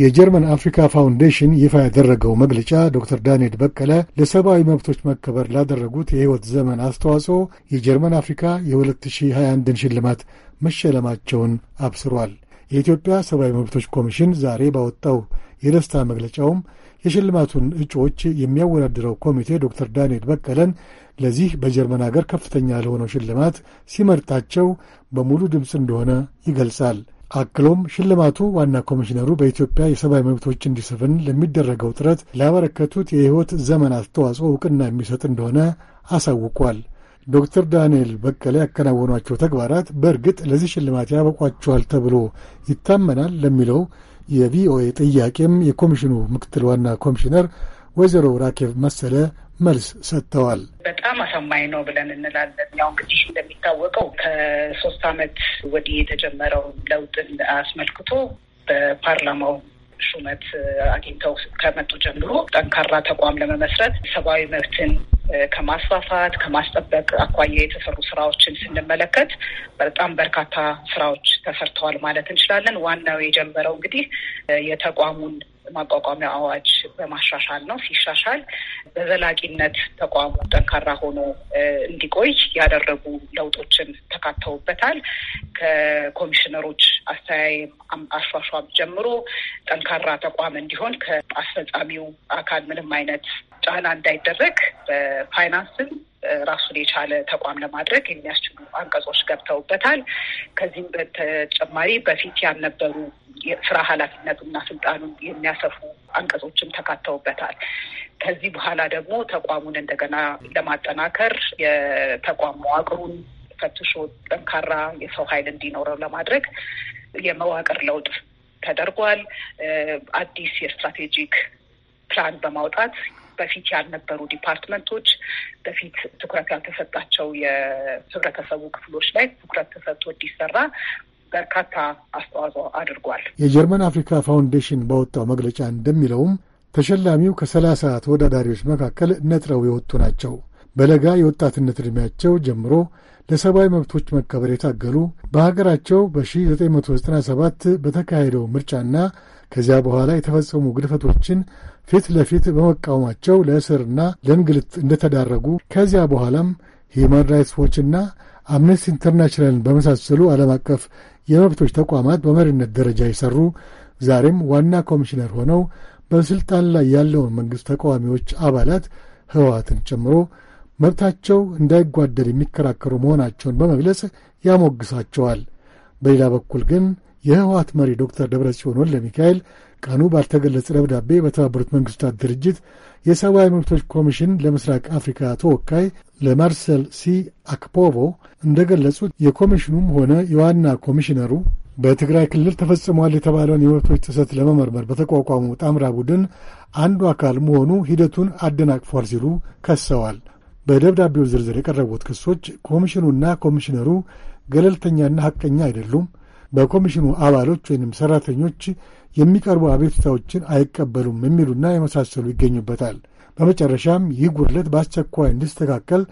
የጀርመን አፍሪካ ፋውንዴሽን ይፋ ያደረገው መግለጫ ዶክተር ዳንኤል በቀለ ለሰብአዊ መብቶች መከበር ላደረጉት የሕይወት ዘመን አስተዋጽኦ የጀርመን አፍሪካ የ2021ን ሽልማት መሸለማቸውን አብስሯል። የኢትዮጵያ ሰብአዊ መብቶች ኮሚሽን ዛሬ ባወጣው የደስታ መግለጫውም የሽልማቱን እጩዎች የሚያወዳድረው ኮሚቴ ዶክተር ዳንኤል በቀለን ለዚህ በጀርመን አገር ከፍተኛ ለሆነው ሽልማት ሲመርጣቸው በሙሉ ድምፅ እንደሆነ ይገልጻል። አክሎም ሽልማቱ ዋና ኮሚሽነሩ በኢትዮጵያ የሰብአዊ መብቶች እንዲሰፍን ለሚደረገው ጥረት ላበረከቱት የሕይወት ዘመን አስተዋጽኦ እውቅና የሚሰጥ እንደሆነ አሳውቋል። ዶክተር ዳንኤል በቀለ ያከናወኗቸው ተግባራት በእርግጥ ለዚህ ሽልማት ያበቋቸዋል ተብሎ ይታመናል ለሚለው የቪኦኤ ጥያቄም የኮሚሽኑ ምክትል ዋና ኮሚሽነር ወይዘሮ ራኬብ መሰለ መልስ ሰጥተዋል። በጣም አሳማኝ ነው ብለን እንላለን። ያው እንግዲህ እንደሚታወቀው ከሶስት ዓመት ወዲህ የተጀመረው ለውጥን አስመልክቶ በፓርላማው ሹመት አግኝተው ከመጡ ጀምሮ ጠንካራ ተቋም ለመመስረት ሰብአዊ መብትን ከማስፋፋት ከማስጠበቅ አኳያ የተሰሩ ስራዎችን ስንመለከት በጣም በርካታ ስራዎች ተሰርተዋል ማለት እንችላለን። ዋናው የጀመረው እንግዲህ የተቋሙን ማቋቋሚያ አዋጅ በማሻሻል ነው። ሲሻሻል በዘላቂነት ተቋሙ ጠንካራ ሆኖ እንዲቆይ ያደረጉ ለውጦችን ተካተውበታል። ከኮሚሽነሮች አስተያየም አሿሿም ጀምሮ ጠንካራ ተቋም እንዲሆን ከአስፈጻሚው አካል ምንም አይነት ጫና እንዳይደረግ በፋይናንስም ራሱን የቻለ ተቋም ለማድረግ የሚያስችሉ አንቀጾች ገብተውበታል። ከዚህም በተጨማሪ በፊት ያልነበሩ የስራ ኃላፊነቱና ስልጣኑን የሚያሰፉ አንቀጾችም ተካተውበታል። ከዚህ በኋላ ደግሞ ተቋሙን እንደገና ለማጠናከር የተቋም መዋቅሩን ፈትሾ ጠንካራ የሰው ኃይል እንዲኖረው ለማድረግ የመዋቅር ለውጥ ተደርጓል። አዲስ የስትራቴጂክ ፕላን በማውጣት በፊት ያልነበሩ ዲፓርትመንቶች፣ በፊት ትኩረት ያልተሰጣቸው የህብረተሰቡ ክፍሎች ላይ ትኩረት ተሰጥቶ እንዲሰራ በርካታ አስተዋጽኦ አድርጓል። የጀርመን አፍሪካ ፋውንዴሽን ባወጣው መግለጫ እንደሚለውም ተሸላሚው ከሰላሳ ተወዳዳሪዎች መካከል ነጥረው የወጡ ናቸው። በለጋ የወጣትነት ዕድሜያቸው ጀምሮ ለሰብአዊ መብቶች መከበር የታገሉ በሀገራቸው በ1997 በተካሄደው ምርጫና ከዚያ በኋላ የተፈጸሙ ግድፈቶችን ፊት ለፊት በመቃወማቸው ለእስርና ለእንግልት እንደተዳረጉ ከዚያ በኋላም ሂውማን ራይትስ ዎችና አምነስቲ ኢንተርናሽናልን በመሳሰሉ ዓለም አቀፍ የመብቶች ተቋማት በመሪነት ደረጃ የሠሩ ዛሬም ዋና ኮሚሽነር ሆነው በሥልጣን ላይ ያለውን መንግሥት ተቃዋሚዎች አባላት ህወሓትን ጨምሮ መብታቸው እንዳይጓደል የሚከራከሩ መሆናቸውን በመግለጽ ያሞግሳቸዋል። በሌላ በኩል ግን የህወሓት መሪ ዶክተር ደብረጽዮን ወልደ ሚካኤል ቀኑ ባልተገለጸ ደብዳቤ በተባበሩት መንግስታት ድርጅት የሰብአዊ መብቶች ኮሚሽን ለምስራቅ አፍሪካ ተወካይ ለማርሰል ሲ አክፖቮ እንደገለጹት የኮሚሽኑም ሆነ የዋና ኮሚሽነሩ በትግራይ ክልል ተፈጽሟል የተባለውን የመብቶች ጥሰት ለመመርመር በተቋቋመው ጣምራ ቡድን አንዱ አካል መሆኑ ሂደቱን አደናቅፏል ሲሉ ከሰዋል። በደብዳቤው ዝርዝር የቀረቡት ክሶች ኮሚሽኑና ኮሚሽነሩ ገለልተኛና ሐቀኛ አይደሉም በኮሚሽኑ አባሎች ወይም ሰራተኞች የሚቀርቡ አቤቱታዎችን አይቀበሉም የሚሉና የመሳሰሉ ይገኙበታል። በመጨረሻም ይህ ጉድለት በአስቸኳይ እንዲስተካከል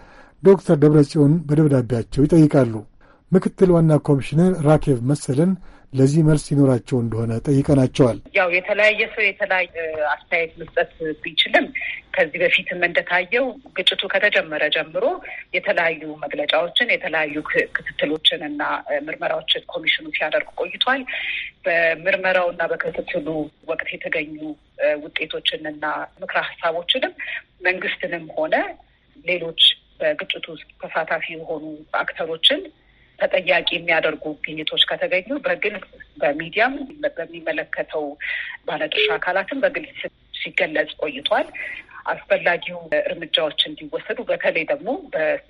ዶክተር ደብረ ጽዮን በደብዳቤያቸው ይጠይቃሉ። ምክትል ዋና ኮሚሽነር ራኬቭ መሰለን ለዚህ መልስ ይኖራቸው እንደሆነ ጠይቀናቸዋል። ያው የተለያየ ሰው የተለያየ አስተያየት መስጠት ቢችልም ከዚህ በፊትም እንደታየው ግጭቱ ከተጀመረ ጀምሮ የተለያዩ መግለጫዎችን፣ የተለያዩ ክትትሎችን እና ምርመራዎችን ኮሚሽኑ ሲያደርግ ቆይቷል። በምርመራው እና በክትትሉ ወቅት የተገኙ ውጤቶችን እና ምክረ ሀሳቦችንም መንግስትንም ሆነ ሌሎች በግጭቱ ተሳታፊ የሆኑ አክተሮችን ተጠያቂ የሚያደርጉ ግኝቶች ከተገኙ በግልጽ በሚዲያም በሚመለከተው ባለድርሻ አካላትም በግልጽ ሲገለጽ ቆይቷል። አስፈላጊው እርምጃዎች እንዲወሰዱ በተለይ ደግሞ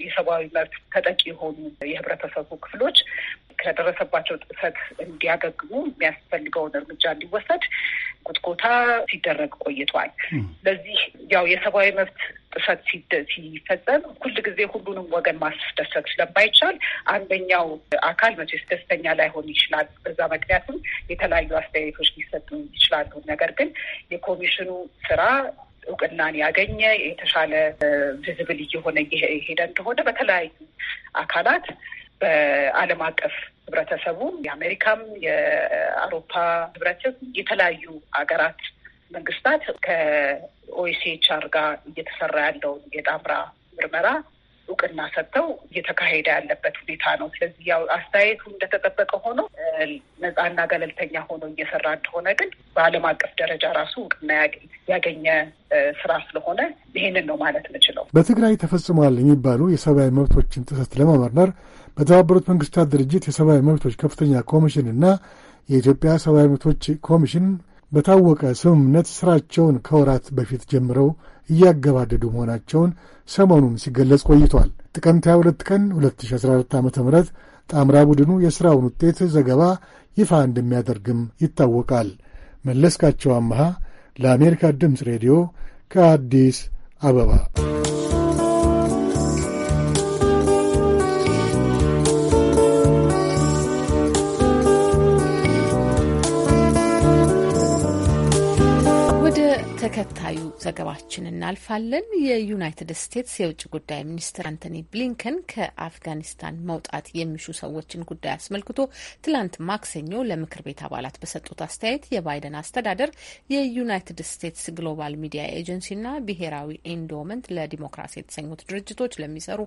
የሰብአዊ መብት ተጠቂ የሆኑ የህብረተሰቡ ክፍሎች ከደረሰባቸው ጥሰት እንዲያገግሙ የሚያስፈልገውን እርምጃ እንዲወሰድ ጉትጎታ ሲደረግ ቆይቷል። ለዚህ ያው የሰብአዊ መብት ጥሰት ሲፈጸም ሁል ጊዜ ሁሉንም ወገን ማስደሰት ስለማይቻል አንደኛው አካል መቼስ ደስተኛ ላይሆን ይችላል። በዛ ምክንያቱም የተለያዩ አስተያየቶች ሊሰጡ ይችላሉ። ነገር ግን የኮሚሽኑ ስራ እውቅናን ያገኘ የተሻለ ቪዝብል እየሆነ ሄደ እንደሆነ በተለያዩ አካላት በዓለም አቀፍ ህብረተሰቡም የአሜሪካም የአውሮፓ ህብረትም የተለያዩ ሀገራት መንግስታት ከኦኤስኤችአር ጋር እየተሰራ ያለውን የጣምራ ምርመራ እውቅና ሰጥተው እየተካሄደ ያለበት ሁኔታ ነው። ስለዚህ ያው አስተያየቱ እንደተጠበቀ ሆኖ ነፃና ገለልተኛ ሆኖ እየሰራ እንደሆነ ግን በዓለም አቀፍ ደረጃ ራሱ እውቅና ያገኘ ስራ ስለሆነ ይሄንን ነው ማለት የምችለው። በትግራይ ተፈጽሟል የሚባሉ የሰብአዊ መብቶችን ጥሰት ለመመርመር በተባበሩት መንግስታት ድርጅት የሰብአዊ መብቶች ከፍተኛ ኮሚሽን እና የኢትዮጵያ ሰብአዊ መብቶች ኮሚሽን በታወቀ ስምምነት ሥራቸውን ከወራት በፊት ጀምረው እያገባደዱ መሆናቸውን ሰሞኑን ሲገለጽ ቆይቷል። ጥቅምት 22 ቀን 2014 ዓ ም ጣምራ ቡድኑ የሥራውን ውጤት ዘገባ ይፋ እንደሚያደርግም ይታወቃል። መለስካቸው አመሃ ለአሜሪካ ድምፅ ሬዲዮ ከአዲስ አበባ ተከታዩ ዘገባችን እናልፋለን። የዩናይትድ ስቴትስ የውጭ ጉዳይ ሚኒስትር አንቶኒ ብሊንከን ከአፍጋኒስታን መውጣት የሚሹ ሰዎችን ጉዳይ አስመልክቶ ትላንት ማክሰኞ ለምክር ቤት አባላት በሰጡት አስተያየት የባይደን አስተዳደር የዩናይትድ ስቴትስ ግሎባል ሚዲያ ኤጀንሲና ብሔራዊ ኢንዶመንት ለዲሞክራሲ የተሰኙት ድርጅቶች ለሚሰሩ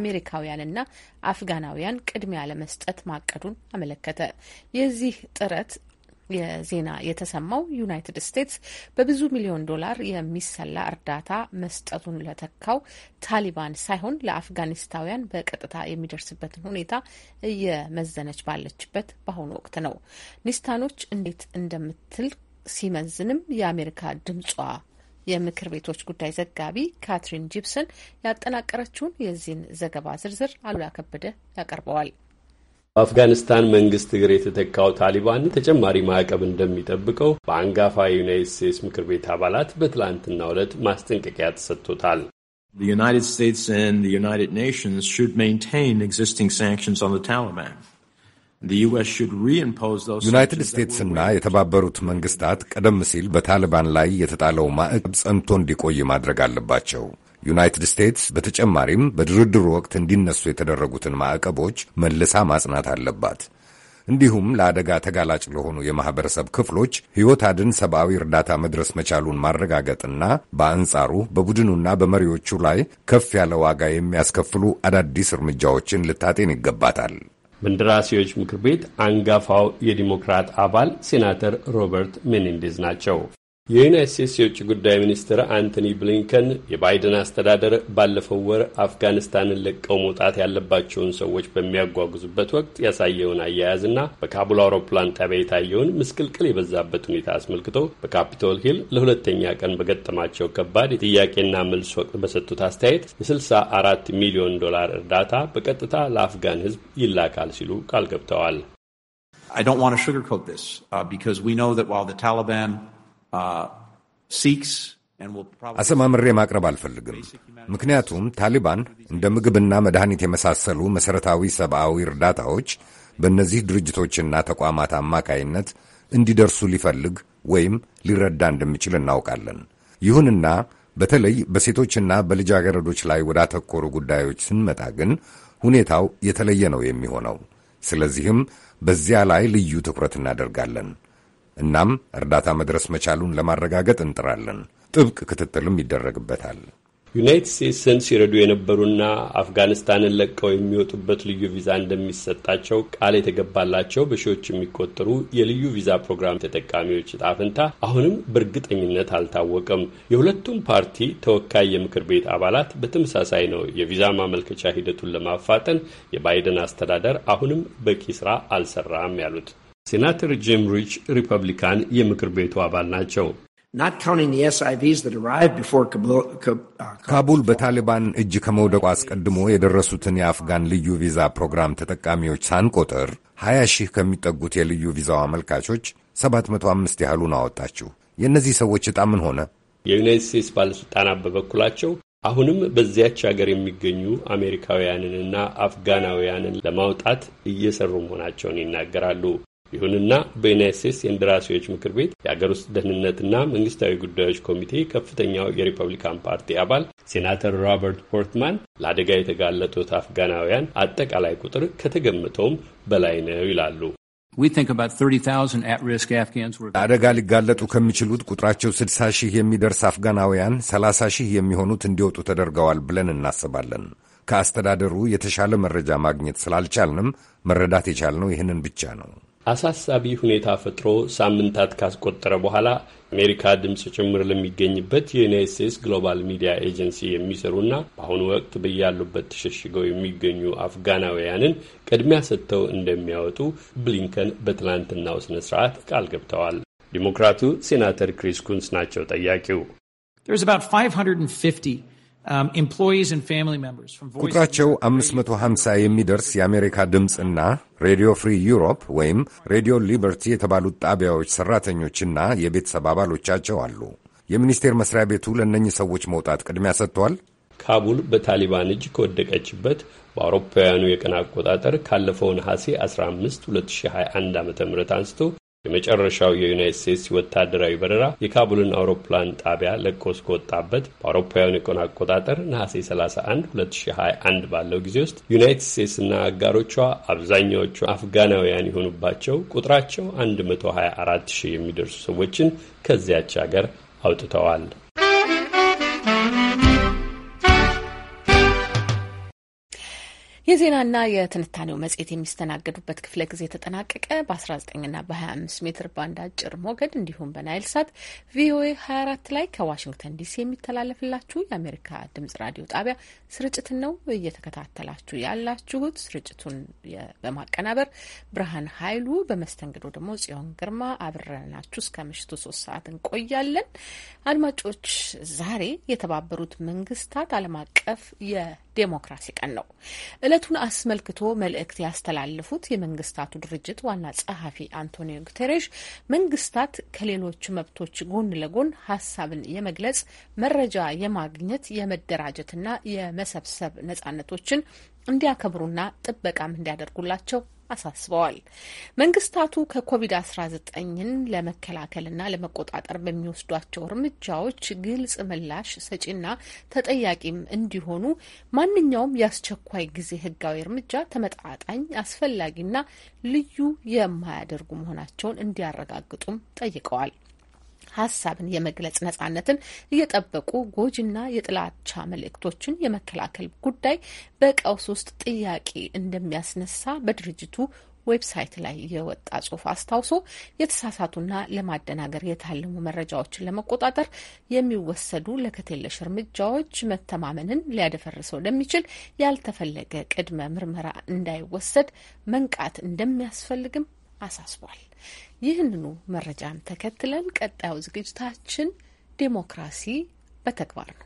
አሜሪካውያንና አፍጋናውያን ቅድሚያ ለመስጠት ማቀዱን አመለከተ። የዚህ ጥረት የዜና የተሰማው ዩናይትድ ስቴትስ በብዙ ሚሊዮን ዶላር የሚሰላ እርዳታ መስጠቱን ለተካው ታሊባን ሳይሆን ለአፍጋኒስታውያን በቀጥታ የሚደርስበትን ሁኔታ እየመዘነች ባለችበት በአሁኑ ወቅት ነው። ኒስታኖች እንዴት እንደምትል ሲመዝንም የአሜሪካ ድምጿ የምክር ቤቶች ጉዳይ ዘጋቢ ካትሪን ጂፕሰን ያጠናቀረችውን የዚህን ዘገባ ዝርዝር አሉላ ከበደ ያቀርበዋል። በአፍጋኒስታን መንግስት እግር የተተካው ታሊባን ተጨማሪ ማዕቀብ እንደሚጠብቀው በአንጋፋ የዩናይትድ ስቴትስ ምክር ቤት አባላት በትላንትናው ዕለት ማስጠንቀቂያ ተሰጥቶታል። ዩናይትድ ስቴትስ እና ዩናይትድ ኔሽንስ ሹድ ሜንቴን ኤግዚስቲንግ ሳንክሽንስ ኦን ዩናይትድ ስቴትስና የተባበሩት መንግስታት ቀደም ሲል በታሊባን ላይ የተጣለው ማዕቀብ ጸንቶ እንዲቆይ ማድረግ አለባቸው። ዩናይትድ ስቴትስ በተጨማሪም በድርድሩ ወቅት እንዲነሱ የተደረጉትን ማዕቀቦች መልሳ ማጽናት አለባት። እንዲሁም ለአደጋ ተጋላጭ ለሆኑ የማህበረሰብ ክፍሎች ሕይወት አድን ሰብአዊ እርዳታ መድረስ መቻሉን ማረጋገጥና በአንጻሩ በቡድኑና በመሪዎቹ ላይ ከፍ ያለ ዋጋ የሚያስከፍሉ አዳዲስ እርምጃዎችን ልታጤን ይገባታል። በእንደራሴዎች ምክር ቤት አንጋፋው የዲሞክራት አባል ሴናተር ሮበርት ሜኔንዴዝ ናቸው። የዩናይት ስቴትስ የውጭ ጉዳይ ሚኒስትር አንቶኒ ብሊንከን የባይደን አስተዳደር ባለፈው ወር አፍጋኒስታንን ለቀው መውጣት ያለባቸውን ሰዎች በሚያጓጉዙበት ወቅት ያሳየውን አያያዝና በካቡል አውሮፕላን ጣቢያ የታየውን ምስቅልቅል የበዛበት ሁኔታ አስመልክቶ በካፒቶል ሂል ለሁለተኛ ቀን በገጠማቸው ከባድ የጥያቄና መልስ ወቅት በሰጡት አስተያየት የ64 ሚሊዮን ዶላር እርዳታ በቀጥታ ለአፍጋን ሕዝብ ይላካል ሲሉ ቃል ገብተዋል። I don't want to sugarcoat this, uh, because we know that while the Taliban Uh, አሰማምሬ ማቅረብ አልፈልግም። ምክንያቱም ታሊባን እንደ ምግብና መድኃኒት የመሳሰሉ መሠረታዊ ሰብአዊ እርዳታዎች በእነዚህ ድርጅቶችና ተቋማት አማካይነት እንዲደርሱ ሊፈልግ ወይም ሊረዳ እንደሚችል እናውቃለን። ይሁንና በተለይ በሴቶችና በልጃገረዶች ላይ ወዳተኮሩ ጉዳዮች ስንመጣ ግን ሁኔታው የተለየ ነው የሚሆነው። ስለዚህም በዚያ ላይ ልዩ ትኩረት እናደርጋለን። እናም እርዳታ መድረስ መቻሉን ለማረጋገጥ እንጥራለን። ጥብቅ ክትትልም ይደረግበታል። ዩናይትድ ስቴትስን ሲረዱ የነበሩና አፍጋኒስታንን ለቀው የሚወጡበት ልዩ ቪዛ እንደሚሰጣቸው ቃል የተገባላቸው በሺዎች የሚቆጠሩ የልዩ ቪዛ ፕሮግራም ተጠቃሚዎች ጣፍንታ ፈንታ አሁንም በእርግጠኝነት አልታወቀም። የሁለቱም ፓርቲ ተወካይ የምክር ቤት አባላት በተመሳሳይ ነው። የቪዛ ማመልከቻ ሂደቱን ለማፋጠን የባይደን አስተዳደር አሁንም በቂ ስራ አልሰራም ያሉት ሴናተር ጂም ሪች ሪፐብሊካን የምክር ቤቱ አባል ናቸው። uh, ካቡል በታሊባን እጅ ከመውደቁ አስቀድሞ የደረሱትን የአፍጋን ልዩ ቪዛ ፕሮግራም ተጠቃሚዎች ሳንቆጥር 20 ሺህ ከሚጠጉት የልዩ ቪዛው አመልካቾች 705 ያህሉን አወጣችሁ። የእነዚህ ሰዎች ዕጣ ምን ሆነ? የዩናይት ስቴትስ ባለሥልጣናት በበኩላቸው አሁንም በዚያች ሀገር የሚገኙ አሜሪካውያንንና አፍጋናውያንን ለማውጣት እየሰሩ መሆናቸውን ይናገራሉ። ይሁንና በዩናይት ስቴትስ የእንደራሴዎች ምክር ቤት የአገር ውስጥ ደህንነትና መንግስታዊ ጉዳዮች ኮሚቴ ከፍተኛው የሪፐብሊካን ፓርቲ አባል ሴናተር ሮበርት ፖርትማን ለአደጋ የተጋለጡት አፍጋናውያን አጠቃላይ ቁጥር ከተገምተውም በላይ ነው ይላሉ። ለአደጋ ሊጋለጡ ከሚችሉት ቁጥራቸው 60 ሺህ የሚደርስ አፍጋናውያን 30 ሺህ የሚሆኑት እንዲወጡ ተደርገዋል ብለን እናስባለን። ከአስተዳደሩ የተሻለ መረጃ ማግኘት ስላልቻልንም መረዳት የቻልነው ይህንን ብቻ ነው። አሳሳቢ ሁኔታ ፈጥሮ ሳምንታት ካስቆጠረ በኋላ አሜሪካ ድምፅ ጭምር ለሚገኝበት የዩናይት ስቴትስ ግሎባል ሚዲያ ኤጀንሲ የሚሰሩና በአሁኑ ወቅት በያሉበት ተሸሽገው የሚገኙ አፍጋናውያንን ቅድሚያ ሰጥተው እንደሚያወጡ ብሊንከን በትላንትናው ስነ ስርዓት ቃል ገብተዋል። ዲሞክራቱ ሴናተር ክሪስ ኩንስ ናቸው ጠያቂው። Um, ቁጥራቸው 550 የሚደርስ የአሜሪካ ድምፅና ሬዲዮ ፍሪ ዩሮፕ ወይም ሬዲዮ ሊበርቲ የተባሉት ጣቢያዎች ሠራተኞችና የቤተሰብ አባሎቻቸው አሉ። የሚኒስቴር መስሪያ ቤቱ ለእነኚህ ሰዎች መውጣት ቅድሚያ ሰጥቷል። ካቡል በታሊባን እጅ ከወደቀችበት በአውሮፓውያኑ የቀን አቆጣጠር ካለፈው ነሐሴ 15 2021 ዓ ም አንስቶ የመጨረሻው የዩናይት ስቴትስ ወታደራዊ በረራ የካቡልን አውሮፕላን ጣቢያ ለቆ እስከወጣበት በአውሮፓውያን የቀን አቆጣጠር ነሐሴ 31 2021 ባለው ጊዜ ውስጥ ዩናይት ስቴትስና አጋሮቿ አብዛኛዎቹ አፍጋናውያን የሆኑባቸው ቁጥራቸው 124 ሺህ የሚደርሱ ሰዎችን ከዚያች ሀገር አውጥተዋል። የዜናና የትንታኔው መጽሔት የሚስተናገዱበት ክፍለ ጊዜ ተጠናቀቀ። በ19ና በ25 ሜትር ባንድ አጭር ሞገድ እንዲሁም በናይል ሳት ቪኦኤ 24 ላይ ከዋሽንግተን ዲሲ የሚተላለፍላችሁ የአሜሪካ ድምጽ ራዲዮ ጣቢያ ስርጭትን ነው እየተከታተላችሁ ያላችሁት። ስርጭቱን በማቀናበር ብርሃን ኃይሉ፣ በመስተንግዶ ደግሞ ጽዮን ግርማ አብረናችሁ እስከ ምሽቱ ሶስት ሰዓት እንቆያለን። አድማጮች ዛሬ የተባበሩት መንግስታት ዓለም አቀፍ የዴሞክራሲ ቀን ነው። ዕለቱን አስመልክቶ መልእክት ያስተላለፉት የመንግስታቱ ድርጅት ዋና ጸሐፊ አንቶኒዮ ጉተሬሽ መንግስታት ከሌሎች መብቶች ጎን ለጎን ሀሳብን የመግለጽ፣ መረጃ የማግኘት፣ የመደራጀትና የመሰብሰብ ነጻነቶችን እንዲያከብሩና ጥበቃም እንዲያደርጉላቸው አሳስበዋል። መንግስታቱ ከኮቪድ-19ን ለመከላከልና ለመቆጣጠር በሚወስዷቸው እርምጃዎች ግልጽ ምላሽ ሰጪና ተጠያቂም እንዲሆኑ ማንኛውም የአስቸኳይ ጊዜ ህጋዊ እርምጃ ተመጣጣኝ፣ አስፈላጊና ልዩ የማያደርጉ መሆናቸውን እንዲያረጋግጡም ጠይቀዋል። ሀሳብን የመግለጽ ነጻነትን እየጠበቁ ጎጂና የጥላቻ መልእክቶችን የመከላከል ጉዳይ በቀውስ ውስጥ ጥያቄ እንደሚያስነሳ በድርጅቱ ዌብሳይት ላይ የወጣ ጽሁፍ አስታውሶ የተሳሳቱና ለማደናገር የታለሙ መረጃዎችን ለመቆጣጠር የሚወሰዱ ለከቴለሽ እርምጃዎች መተማመንን ሊያደፈርሰው ለሚችል ያልተፈለገ ቅድመ ምርመራ እንዳይወሰድ መንቃት እንደሚያስፈልግም አሳስቧል። ይህንኑ መረጃን ተከትለን ቀጣዩ ዝግጅታችን ዴሞክራሲ በተግባር ነው።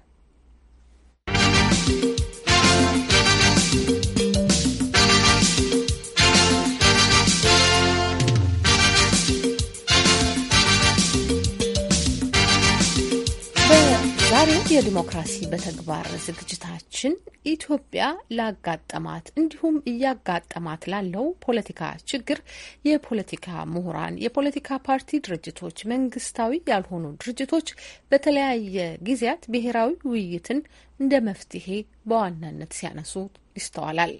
የዲሞክራሲ በተግባር ዝግጅታችን ኢትዮጵያ ላጋጠማት እንዲሁም እያጋጠማት ላለው ፖለቲካ ችግር የፖለቲካ ምሁራን፣ የፖለቲካ ፓርቲ ድርጅቶች፣ መንግስታዊ ያልሆኑ ድርጅቶች በተለያየ ጊዜያት ብሔራዊ ውይይትን እንደ መፍትሄ በዋናነት ሲያነሱ ይስተዋላል።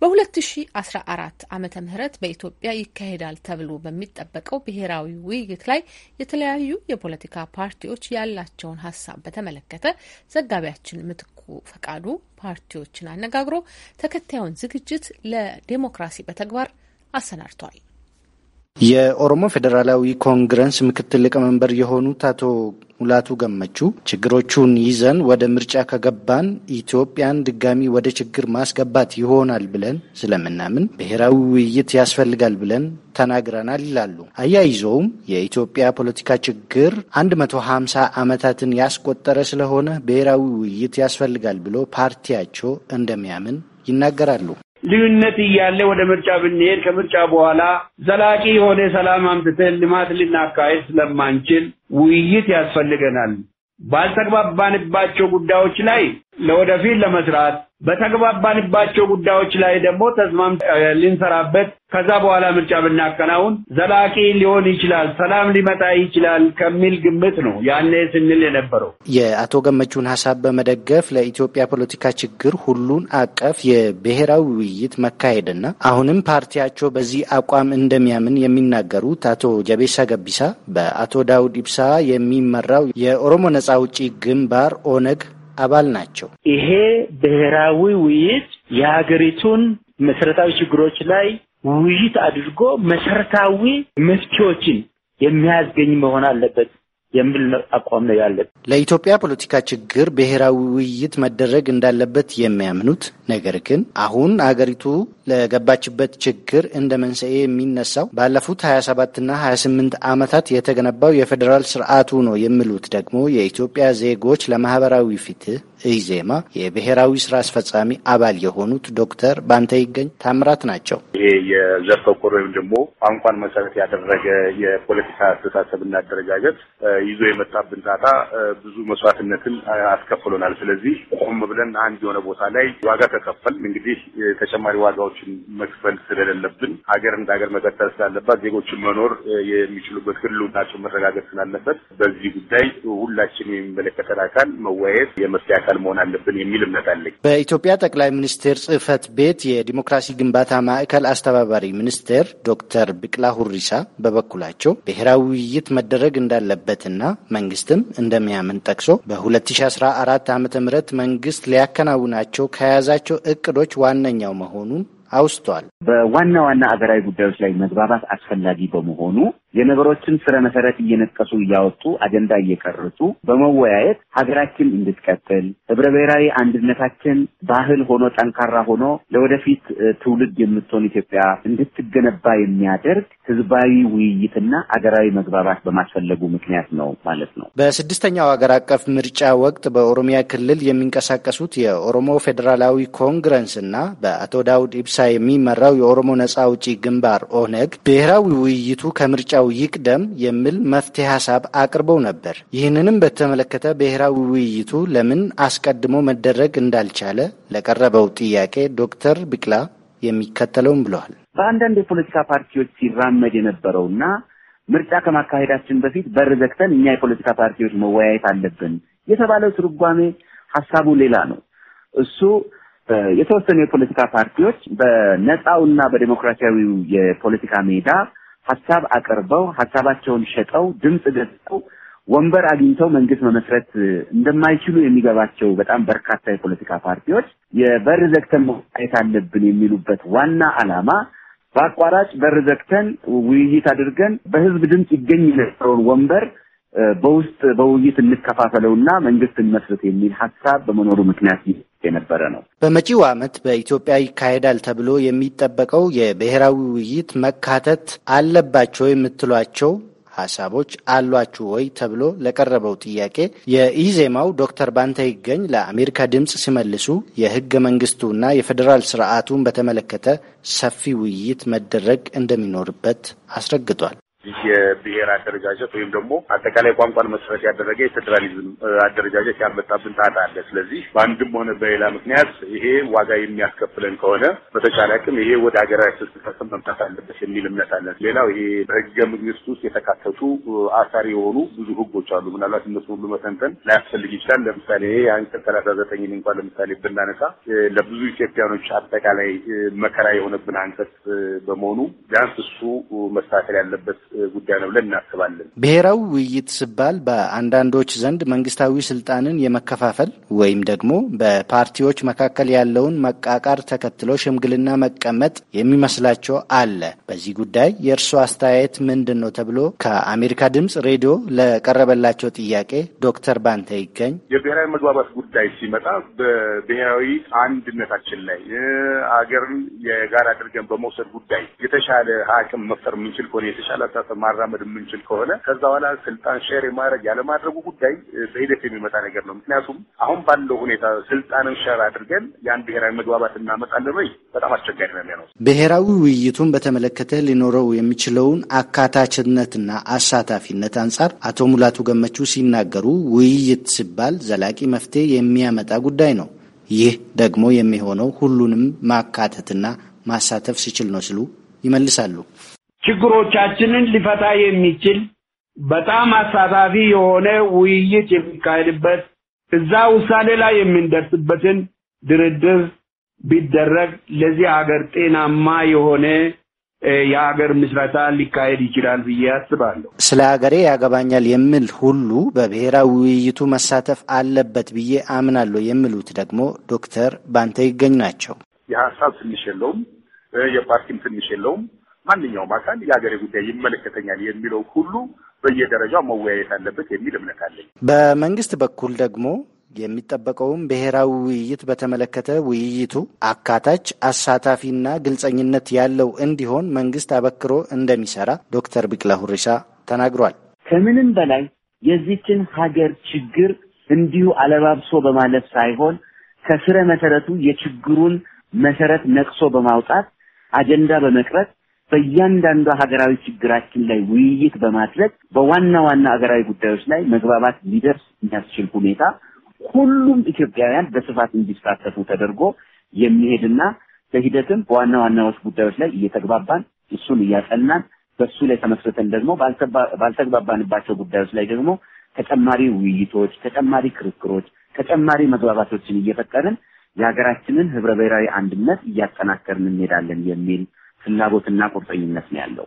በ2014 ዓመተ ምህረት በኢትዮጵያ ይካሄዳል ተብሎ በሚጠበቀው ብሔራዊ ውይይት ላይ የተለያዩ የፖለቲካ ፓርቲዎች ያላቸውን ሀሳብ በተመለከተ ዘጋቢያችን ምትኩ ፈቃዱ ፓርቲዎችን አነጋግሮ ተከታዩን ዝግጅት ለዴሞክራሲ በተግባር አሰናድቷል። የኦሮሞ ፌዴራላዊ ኮንግረስ ምክትል ሊቀመንበር የሆኑት አቶ ሙላቱ ገመቹ ችግሮቹን ይዘን ወደ ምርጫ ከገባን ኢትዮጵያን ድጋሚ ወደ ችግር ማስገባት ይሆናል ብለን ስለምናምን ብሔራዊ ውይይት ያስፈልጋል ብለን ተናግረናል ይላሉ። አያይዘውም የኢትዮጵያ ፖለቲካ ችግር 150 ዓመታትን ያስቆጠረ ስለሆነ ብሔራዊ ውይይት ያስፈልጋል ብሎ ፓርቲያቸው እንደሚያምን ይናገራሉ። ልዩነት እያለ ወደ ምርጫ ብንሄድ ከምርጫ በኋላ ዘላቂ የሆነ ሰላም አምጥተን ልማት ልናካሄድ ስለማንችል ውይይት ያስፈልገናል። ባልተግባባንባቸው ጉዳዮች ላይ ለወደፊት ለመስራት በተግባባንባቸው ጉዳዮች ላይ ደግሞ ተስማም ልንሰራበት ከዛ በኋላ ምርጫ ብናከናውን ዘላቂ ሊሆን ይችላል፣ ሰላም ሊመጣ ይችላል ከሚል ግምት ነው ያኔ ስንል የነበረው። የአቶ ገመቹን ሀሳብ በመደገፍ ለኢትዮጵያ ፖለቲካ ችግር ሁሉን አቀፍ የብሔራዊ ውይይት መካሄድና አሁንም ፓርቲያቸው በዚህ አቋም እንደሚያምን የሚናገሩት አቶ ጀቤሳ ገቢሳ በአቶ ዳውድ ኢብሳ የሚመራው የኦሮሞ ነጻ አውጪ ግንባር ኦነግ አባል ናቸው። ይሄ ብሔራዊ ውይይት የሀገሪቱን መሰረታዊ ችግሮች ላይ ውይይት አድርጎ መሰረታዊ መፍትሄዎችን የሚያስገኝ መሆን አለበት። የሚል አቋም ነው ያለን። ለኢትዮጵያ ፖለቲካ ችግር ብሔራዊ ውይይት መደረግ እንዳለበት የሚያምኑት ነገር ግን አሁን አገሪቱ ለገባችበት ችግር እንደ መንስኤ የሚነሳው ባለፉት 27ና 28 ዓመታት የተገነባው የፌዴራል ስርዓቱ ነው የሚሉት ደግሞ የኢትዮጵያ ዜጎች ለማህበራዊ ፍትህ ኢዜማ የብሔራዊ ስራ አስፈጻሚ አባል የሆኑት ዶክተር ባንተ ይገኝ ታምራት ናቸው። ይሄ የዘር ተኮር ወይም ደግሞ ቋንቋን መሰረት ያደረገ የፖለቲካ አስተሳሰብና አደረጃጀት ይዞ የመጣብን ጣጣ ብዙ መስዋዕትነትን አስከፍሎናል። ስለዚህ ቆም ብለን አንድ የሆነ ቦታ ላይ ዋጋ ተከፈል። እንግዲህ ተጨማሪ ዋጋዎችን መክፈል ስለሌለብን ሀገር እንደ ሀገር መቀጠል ስላለባት ዜጎችን መኖር የሚችሉበት ህልውናቸው መረጋገጥ ስላለበት በዚህ ጉዳይ ሁላችን የሚመለከተን አካል መወያየት የመስያ አካል መሆን አለብን የሚል እምነት አለኝ። በኢትዮጵያ ጠቅላይ ሚኒስቴር ጽህፈት ቤት የዲሞክራሲ ግንባታ ማዕከል አስተባባሪ ሚኒስቴር ዶክተር ብቅላ ሁሪሳ በበኩላቸው ብሔራዊ ውይይት መደረግ እንዳለበትና መንግስትም እንደሚያምን ጠቅሶ በ2014 ዓ ም መንግስት ሊያከናውናቸው ከያዛቸው እቅዶች ዋነኛው መሆኑን አውስቷል። በዋና ዋና ሀገራዊ ጉዳዮች ላይ መግባባት አስፈላጊ በመሆኑ የነገሮችን ስረ መሰረት እየነቀሱ እያወጡ አጀንዳ እየቀረጹ በመወያየት ሀገራችን እንድትቀጥል ህብረ ብሔራዊ አንድነታችን ባህል ሆኖ ጠንካራ ሆኖ ለወደፊት ትውልድ የምትሆን ኢትዮጵያ እንድትገነባ የሚያደርግ ህዝባዊ ውይይትና አገራዊ መግባባት በማስፈለጉ ምክንያት ነው ማለት ነው። በስድስተኛው ሀገር አቀፍ ምርጫ ወቅት በኦሮሚያ ክልል የሚንቀሳቀሱት የኦሮሞ ፌዴራላዊ ኮንግረንስ እና በአቶ ዳውድ ኢብሳ ኢብሳ የሚመራው የኦሮሞ ነጻ አውጪ ግንባር ኦነግ ብሔራዊ ውይይቱ ከምርጫው ይቅደም የሚል መፍትሄ ሀሳብ አቅርበው ነበር። ይህንንም በተመለከተ ብሔራዊ ውይይቱ ለምን አስቀድሞ መደረግ እንዳልቻለ ለቀረበው ጥያቄ ዶክተር ቢቅላ የሚከተለውን ብለዋል። በአንዳንድ የፖለቲካ ፓርቲዎች ሲራመድ የነበረውና ምርጫ ከማካሄዳችን በፊት በር ዘግተን እኛ የፖለቲካ ፓርቲዎች መወያየት አለብን የተባለው ትርጓሜ ሀሳቡ ሌላ ነው። እሱ የተወሰኑ የፖለቲካ ፓርቲዎች በነፃውና በዴሞክራሲያዊው የፖለቲካ ሜዳ ሀሳብ አቅርበው ሀሳባቸውን ሸጠው ድምፅ ገዝተው ወንበር አግኝተው መንግስት መመስረት እንደማይችሉ የሚገባቸው በጣም በርካታ የፖለቲካ ፓርቲዎች የበር ዘግተን መታየት አለብን የሚሉበት ዋና ዓላማ በአቋራጭ በር ዘግተን ውይይት አድርገን በህዝብ ድምፅ ይገኝ የነበረውን ወንበር በውስጥ በውይይት እንከፋፈለውና መንግስት እንመስረት የሚል ሀሳብ በመኖሩ ምክንያት የነበረ ነው። በመጪው ዓመት በኢትዮጵያ ይካሄዳል ተብሎ የሚጠበቀው የብሔራዊ ውይይት መካተት አለባቸው የምትሏቸው ሀሳቦች አሏችሁ ወይ ተብሎ ለቀረበው ጥያቄ የኢዜማው ዶክተር ባንተ ይገኝ ለአሜሪካ ድምፅ ሲመልሱ የህገ መንግስቱና የፌዴራል ስርዓቱን በተመለከተ ሰፊ ውይይት መደረግ እንደሚኖርበት አስረግጧል። ይህ የብሔር አደረጃጀት ወይም ደግሞ አጠቃላይ ቋንቋን መሰረት ያደረገ የፌዴራሊዝም አደረጃጀት ያመጣብን ጣጣ አለ። ስለዚህ በአንድም ሆነ በሌላ ምክንያት ይሄ ዋጋ የሚያስከፍለን ከሆነ በተቻለ አቅም ይሄ ወደ ሀገራዊ ስልትፈስም መምጣት አለበት የሚል እምነት አለን። ሌላው ይሄ በህገ መንግስት ውስጥ የተካተቱ አሳሪ የሆኑ ብዙ ህጎች አሉ። ምናልባት እነሱ ሁሉ መተንተን ላያስፈልግ ይችላል። ለምሳሌ ይሄ አንቀጽ ሰላሳ ዘጠኝን እንኳን ለምሳሌ ብናነሳ ለብዙ ኢትዮጵያኖች አጠቃላይ መከራ የሆነብን አንቀጽ በመሆኑ ቢያንስ እሱ መስተካከል ያለበት ጉዳይ ነው ብለን እናስባለን። ብሔራዊ ውይይት ሲባል በአንዳንዶች ዘንድ መንግስታዊ ስልጣንን የመከፋፈል ወይም ደግሞ በፓርቲዎች መካከል ያለውን መቃቃር ተከትሎ ሽምግልና መቀመጥ የሚመስላቸው አለ። በዚህ ጉዳይ የእርሶ አስተያየት ምንድን ነው ተብሎ ከአሜሪካ ድምፅ ሬዲዮ ለቀረበላቸው ጥያቄ ዶክተር ባንተ ይገኝ የብሔራዊ መግባባት ጉዳይ ሲመጣ በብሔራዊ አንድነታችን ላይ አገርን የጋራ አድርገን በመውሰድ ጉዳይ የተሻለ አቅም መፍጠር የምንችል ከሆነ የተሻለ አስተሳሰብ ማራመድ የምንችል ከሆነ ከዛ በኋላ ስልጣን ሼር የማድረግ ያለማድረጉ ጉዳይ በሂደት የሚመጣ ነገር ነው። ምክንያቱም አሁን ባለው ሁኔታ ስልጣንን ሸር አድርገን የአንድ ብሔራዊ መግባባት እናመጣለን ወይ? በጣም አስቸጋሪ ነው የሚሆነው። ብሔራዊ ውይይቱን በተመለከተ ሊኖረው የሚችለውን አካታችነትና አሳታፊነት አንጻር አቶ ሙላቱ ገመቹ ሲናገሩ ውይይት ሲባል ዘላቂ መፍትሄ የሚያመጣ ጉዳይ ነው። ይህ ደግሞ የሚሆነው ሁሉንም ማካተትና ማሳተፍ ሲችል ነው ሲሉ ይመልሳሉ። ችግሮቻችንን ሊፈታ የሚችል በጣም አሳታፊ የሆነ ውይይት የሚካሄድበት እዛ ውሳኔ ላይ የምንደርስበትን ድርድር ቢደረግ ለዚህ ሀገር ጤናማ የሆነ የሀገር ምስረታ ሊካሄድ ይችላል ብዬ አስባለሁ። ስለ ሀገሬ ያገባኛል የሚል ሁሉ በብሔራዊ ውይይቱ መሳተፍ አለበት ብዬ አምናለሁ የሚሉት ደግሞ ዶክተር ባንተ ይገኝ ናቸው። የሀሳብ ትንሽ የለውም፣ የፓርቲም ትንሽ የለውም። ማንኛውም አካል የሀገሬ ጉዳይ ይመለከተኛል የሚለው ሁሉ በየደረጃው መወያየት አለበት የሚል እምነት አለኝ። በመንግስት በኩል ደግሞ የሚጠበቀውም ብሔራዊ ውይይት በተመለከተ ውይይቱ አካታች አሳታፊና ግልጸኝነት ያለው እንዲሆን መንግስት አበክሮ እንደሚሰራ ዶክተር ቢቅላ ሁሪሳ ተናግሯል። ከምንም በላይ የዚችን ሀገር ችግር እንዲሁ አለባብሶ በማለፍ ሳይሆን ከስረ መሰረቱ የችግሩን መሰረት ነቅሶ በማውጣት አጀንዳ በመቅረጽ በእያንዳንዱ ሀገራዊ ችግራችን ላይ ውይይት በማድረግ በዋና ዋና ሀገራዊ ጉዳዮች ላይ መግባባት ሊደርስ የሚያስችል ሁኔታ ሁሉም ኢትዮጵያውያን በስፋት እንዲሳተፉ ተደርጎ የሚሄድና በሂደትም በዋና ዋናዎች ጉዳዮች ላይ እየተግባባን እሱን እያጠናን በሱ ላይ ተመስርተን ደግሞ ባልተግባባንባቸው ጉዳዮች ላይ ደግሞ ተጨማሪ ውይይቶች፣ ተጨማሪ ክርክሮች፣ ተጨማሪ መግባባቶችን እየፈጠርን የሀገራችንን ህብረ ብሔራዊ አንድነት እያጠናከርን እንሄዳለን የሚል ፍላጎትና ቁርጠኝነት ነው ያለው።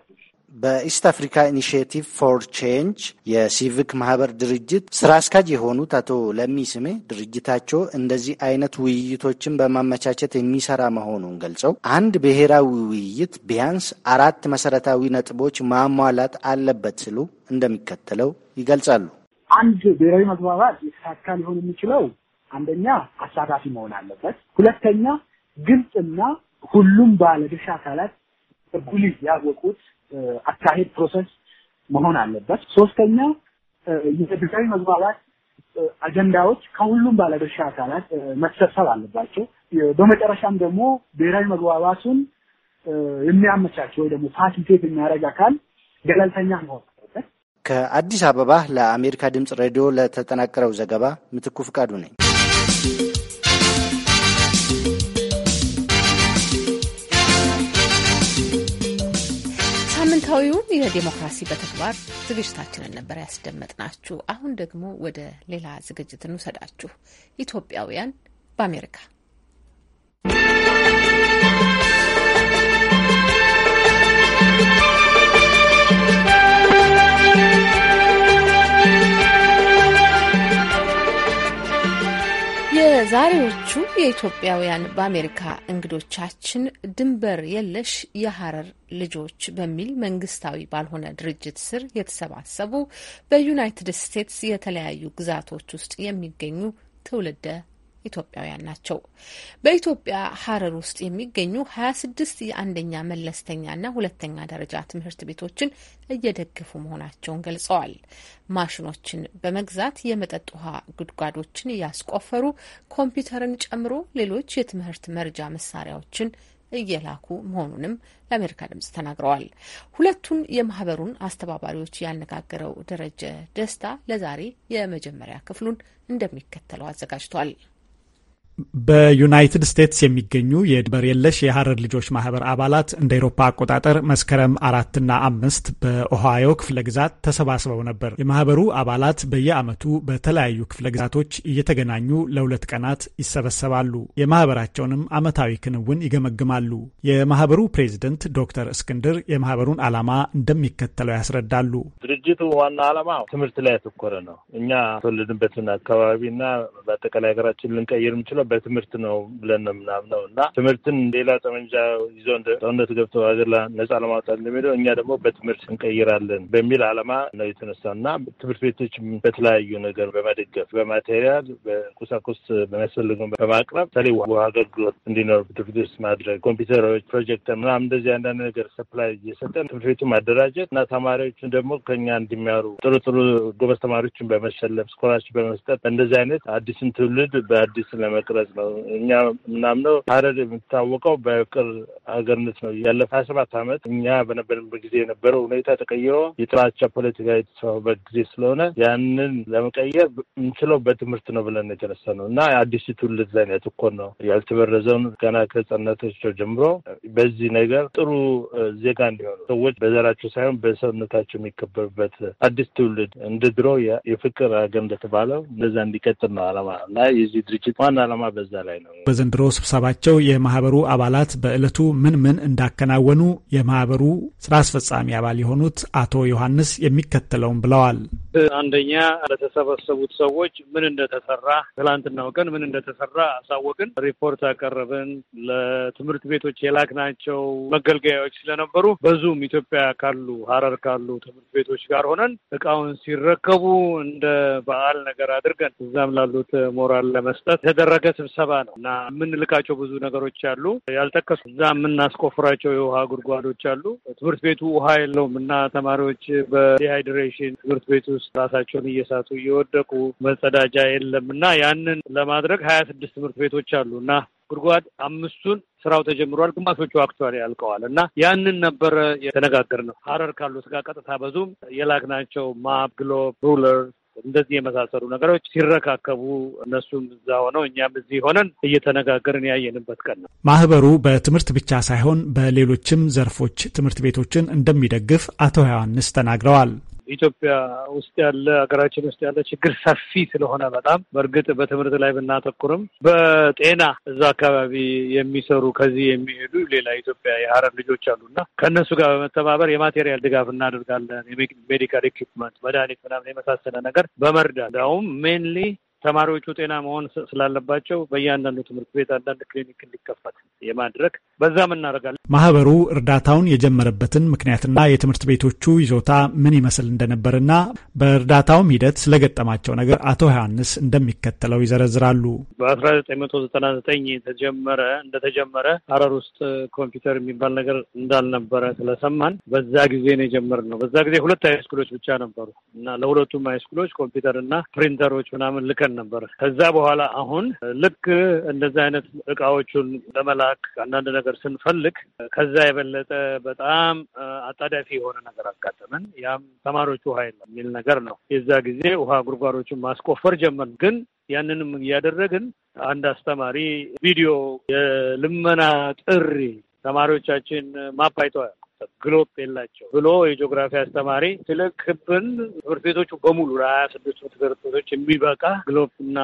በኢስት አፍሪካ ኢኒሽቲቭ ፎር ቼንጅ የሲቪክ ማህበር ድርጅት ስራ አስኪያጅ የሆኑት አቶ ለሚ ስሜ ድርጅታቸው እንደዚህ አይነት ውይይቶችን በማመቻቸት የሚሰራ መሆኑን ገልጸው አንድ ብሔራዊ ውይይት ቢያንስ አራት መሰረታዊ ነጥቦች ማሟላት አለበት ሲሉ እንደሚከተለው ይገልጻሉ። አንድ ብሔራዊ መግባባት የተሳካ ሊሆን የሚችለው አንደኛ አሳታፊ መሆን አለበት፣ ሁለተኛ ግልጽና ሁሉም ባለድርሻ አካላት ጉልህ ያወቁት አካሄድ ፕሮሰስ መሆን አለበት። ሶስተኛ የብሔራዊ መግባባት አጀንዳዎች ከሁሉም ባለድርሻ አካላት መሰብሰብ አለባቸው። በመጨረሻም ደግሞ ብሔራዊ መግባባቱን የሚያመቻች ወይ ደግሞ ፋሲሊቴት የሚያደርግ አካል ገለልተኛ መሆን አለበት። ከአዲስ አበባ ለአሜሪካ ድምፅ ሬዲዮ ለተጠናቀረው ዘገባ ምትኩ ፍቃዱ ነኝ። ወቅታዊውን የዲሞክራሲ በተግባር ዝግጅታችንን ነበር ያስደመጥናችሁ። አሁን ደግሞ ወደ ሌላ ዝግጅት እንውሰዳችሁ። ኢትዮጵያውያን በአሜሪካ ከዛሬዎቹ የኢትዮጵያውያን በአሜሪካ እንግዶቻችን ድንበር የለሽ የሀረር ልጆች በሚል መንግስታዊ ባልሆነ ድርጅት ስር የተሰባሰቡ በዩናይትድ ስቴትስ የተለያዩ ግዛቶች ውስጥ የሚገኙ ትውልደ ኢትዮጵያውያን ናቸው። በኢትዮጵያ ሀረር ውስጥ የሚገኙ 26 ስድስት የአንደኛ መለስተኛና ሁለተኛ ደረጃ ትምህርት ቤቶችን እየደገፉ መሆናቸውን ገልጸዋል። ማሽኖችን በመግዛት የመጠጥ ውሃ ጉድጓዶችን እያስቆፈሩ ኮምፒውተርን ጨምሮ ሌሎች የትምህርት መርጃ መሳሪያዎችን እየላኩ መሆኑንም ለአሜሪካ ድምጽ ተናግረዋል። ሁለቱን የማህበሩን አስተባባሪዎች ያነጋገረው ደረጀ ደስታ ለዛሬ የመጀመሪያ ክፍሉን እንደሚከተለው አዘጋጅቷል። በዩናይትድ ስቴትስ የሚገኙ የድንበር የለሽ የሀረር ልጆች ማህበር አባላት እንደ ኤሮፓ አቆጣጠር መስከረም አራትና አምስት በኦሃዮ ክፍለ ግዛት ተሰባስበው ነበር። የማህበሩ አባላት በየዓመቱ በተለያዩ ክፍለ ግዛቶች እየተገናኙ ለሁለት ቀናት ይሰበሰባሉ። የማህበራቸውንም ዓመታዊ ክንውን ይገመግማሉ። የማህበሩ ፕሬዚደንት ዶክተር እስክንድር የማህበሩን ዓላማ እንደሚከተለው ያስረዳሉ። ድርጅቱ ዋና አላማ ትምህርት ላይ ያተኮረ ነው። እኛ ተወለድንበትን አካባቢና በአጠቃላይ ሀገራችን ልንቀይር የምችለው በትምህርት ነው ብለን ነው የምናምነው እና ትምህርትን ሌላ ጠመንጃ ይዞ እንደ ጦርነት ገብተው ሀገር ነጻ ለማውጣት እንደሚሄደው እኛ ደግሞ በትምህርት እንቀይራለን በሚል አላማ ነው የተነሳ እና ትምህርት ቤቶች በተለያዩ ነገር በመደገፍ በማቴሪያል፣ በቁሳቁስ በሚያስፈልገው በማቅረብ ተለይ ውሃ አገልግሎት እንዲኖር ትምህርት ቤት ማድረግ፣ ኮምፒውተሮች፣ ፕሮጀክተር ምናምን እንደዚህ አንዳንድ ነገር ሰፕላይ እየሰጠን ትምህርት ቤቱ ማደራጀት እና ተማሪዎችን ደግሞ ከኛ እንዲማሩ ጥሩ ጥሩ ጎበዝ ተማሪዎችን በመሸለም ስኮላርሽፕ በመስጠት እንደዚህ አይነት አዲስን ትውልድ በአዲስ ለመቅረብ ማለት ነው። እኛ ምናምነው ሀረር የምታወቀው በፍቅር ሀገርነት ነው። ያለፈ ሀያ ሰባት አመት እኛ በነበርንበት ጊዜ የነበረው ሁኔታ ተቀይሮ የጥላቻ ፖለቲካ የተሰፋበት ጊዜ ስለሆነ ያንን ለመቀየር የምንችለው በትምህርት ነው ብለን የተነሳ ነው እና አዲስ ትውልድ ላይ ያተኮር ነው ያልተበረዘውን ገና ከህጻንነታቸው ጀምሮ በዚህ ነገር ጥሩ ዜጋ እንዲሆኑ ሰዎች በዘራቸው ሳይሆን በሰውነታቸው የሚከበርበት አዲስ ትውልድ እንደ ድሮ የፍቅር ሀገር እንደተባለው እንደዛ እንዲቀጥል ነው አላማ እና የዚህ ድርጅት ዋና አላማ ዓላማ በዛ ላይ ነው። በዘንድሮ ስብሰባቸው የማህበሩ አባላት በዕለቱ ምን ምን እንዳከናወኑ የማህበሩ ስራ አስፈጻሚ አባል የሆኑት አቶ ዮሐንስ የሚከተለውን ብለዋል። አንደኛ ለተሰበሰቡት ሰዎች ምን እንደተሰራ ትላንትናው ቀን ምን እንደተሰራ አሳወቅን፣ ሪፖርት አቀረብን። ለትምህርት ቤቶች የላክናቸው መገልገያዎች ስለነበሩ በዙም ኢትዮጵያ ካሉ ሀረር ካሉ ትምህርት ቤቶች ጋር ሆነን እቃውን ሲረከቡ እንደ በዓል ነገር አድርገን እዛም ላሉት ሞራል ለመስጠት የተደረገ ስብሰባ ነው እና የምንልካቸው ብዙ ነገሮች አሉ ያልጠቀሱ እዛ የምናስቆፍራቸው የውሃ ጉድጓዶች አሉ። ትምህርት ቤቱ ውሃ የለውም እና ተማሪዎች በዲሃይድሬሽን ትምህርት ቤት ውስጥ ራሳቸውን እየሳቱ እየወደቁ መጸዳጃ የለም እና ያንን ለማድረግ ሀያ ስድስት ትምህርት ቤቶች አሉ እና ጉድጓድ አምስቱን ስራው ተጀምሯል። ግማሾቹ አክቹዋሊ ያልቀዋል እና ያንን ነበረ የተነጋገር ነው። ሀረር ካሉት ጋር ቀጥታ በዙም የላክናቸው ማፕ፣ ግሎብ፣ ሩለር እንደዚህ የመሳሰሉ ነገሮች ሲረካከቡ እነሱም እዛ ሆነው እኛም እዚህ ሆነን እየተነጋገርን ያየንበት ቀን ነው። ማህበሩ በትምህርት ብቻ ሳይሆን በሌሎችም ዘርፎች ትምህርት ቤቶችን እንደሚደግፍ አቶ ዮሐንስ ተናግረዋል። ኢትዮጵያ ውስጥ ያለ ሀገራችን ውስጥ ያለ ችግር ሰፊ ስለሆነ በጣም በእርግጥ በትምህርት ላይ ብናተኩርም በጤና እዛ አካባቢ የሚሰሩ ከዚህ የሚሄዱ ሌላ ኢትዮጵያ የሀረር ልጆች አሉና ከእነሱ ጋር በመተባበር የማቴሪያል ድጋፍ እናደርጋለን። ሜዲካል ኢኩፕመንት፣ መድኃኒት ምናምን የመሳሰለ ነገር በመርዳት እንዲያውም ሜንሊ ተማሪዎቹ ጤና መሆን ስላለባቸው በእያንዳንዱ ትምህርት ቤት አንዳንድ ክሊኒክ እንዲከፈት የማድረግ በዛም እናደርጋለን። ማህበሩ እርዳታውን የጀመረበትን ምክንያትና የትምህርት ቤቶቹ ይዞታ ምን ይመስል እንደነበርና በእርዳታውም ሂደት ስለገጠማቸው ነገር አቶ ዮሐንስ እንደሚከተለው ይዘረዝራሉ። በአስራ ዘጠኝ መቶ ዘጠና ዘጠኝ ተጀመረ እንደተጀመረ ሀረር ውስጥ ኮምፒውተር የሚባል ነገር እንዳልነበረ ስለሰማን በዛ ጊዜ ነው የጀመርነው። በዛ ጊዜ ሁለት ሃይስኩሎች ብቻ ነበሩ እና ለሁለቱም ሃይስኩሎች ኮምፒውተር እና ፕሪንተሮች ምናምን ልከን አድርገን ነበር። ከዛ በኋላ አሁን ልክ እንደዚህ አይነት እቃዎቹን ለመላክ አንዳንድ ነገር ስንፈልግ ከዛ የበለጠ በጣም አጣዳፊ የሆነ ነገር አጋጠመን። ያም ተማሪዎች ውሃ የለም የሚል ነገር ነው። የዛ ጊዜ ውሃ ጉድጓዶችን ማስቆፈር ጀመርን። ግን ያንንም እያደረግን አንድ አስተማሪ ቪዲዮ የልመና ጥሪ ተማሪዎቻችን ማፓይተዋል ግሎፕ የላቸው ብሎ የጂኦግራፊ አስተማሪ ስለ ክብን ትምህርት ቤቶቹ በሙሉ ለሀያ ስድስቱ ትምህርት ቤቶች የሚበቃ ግሎብ እና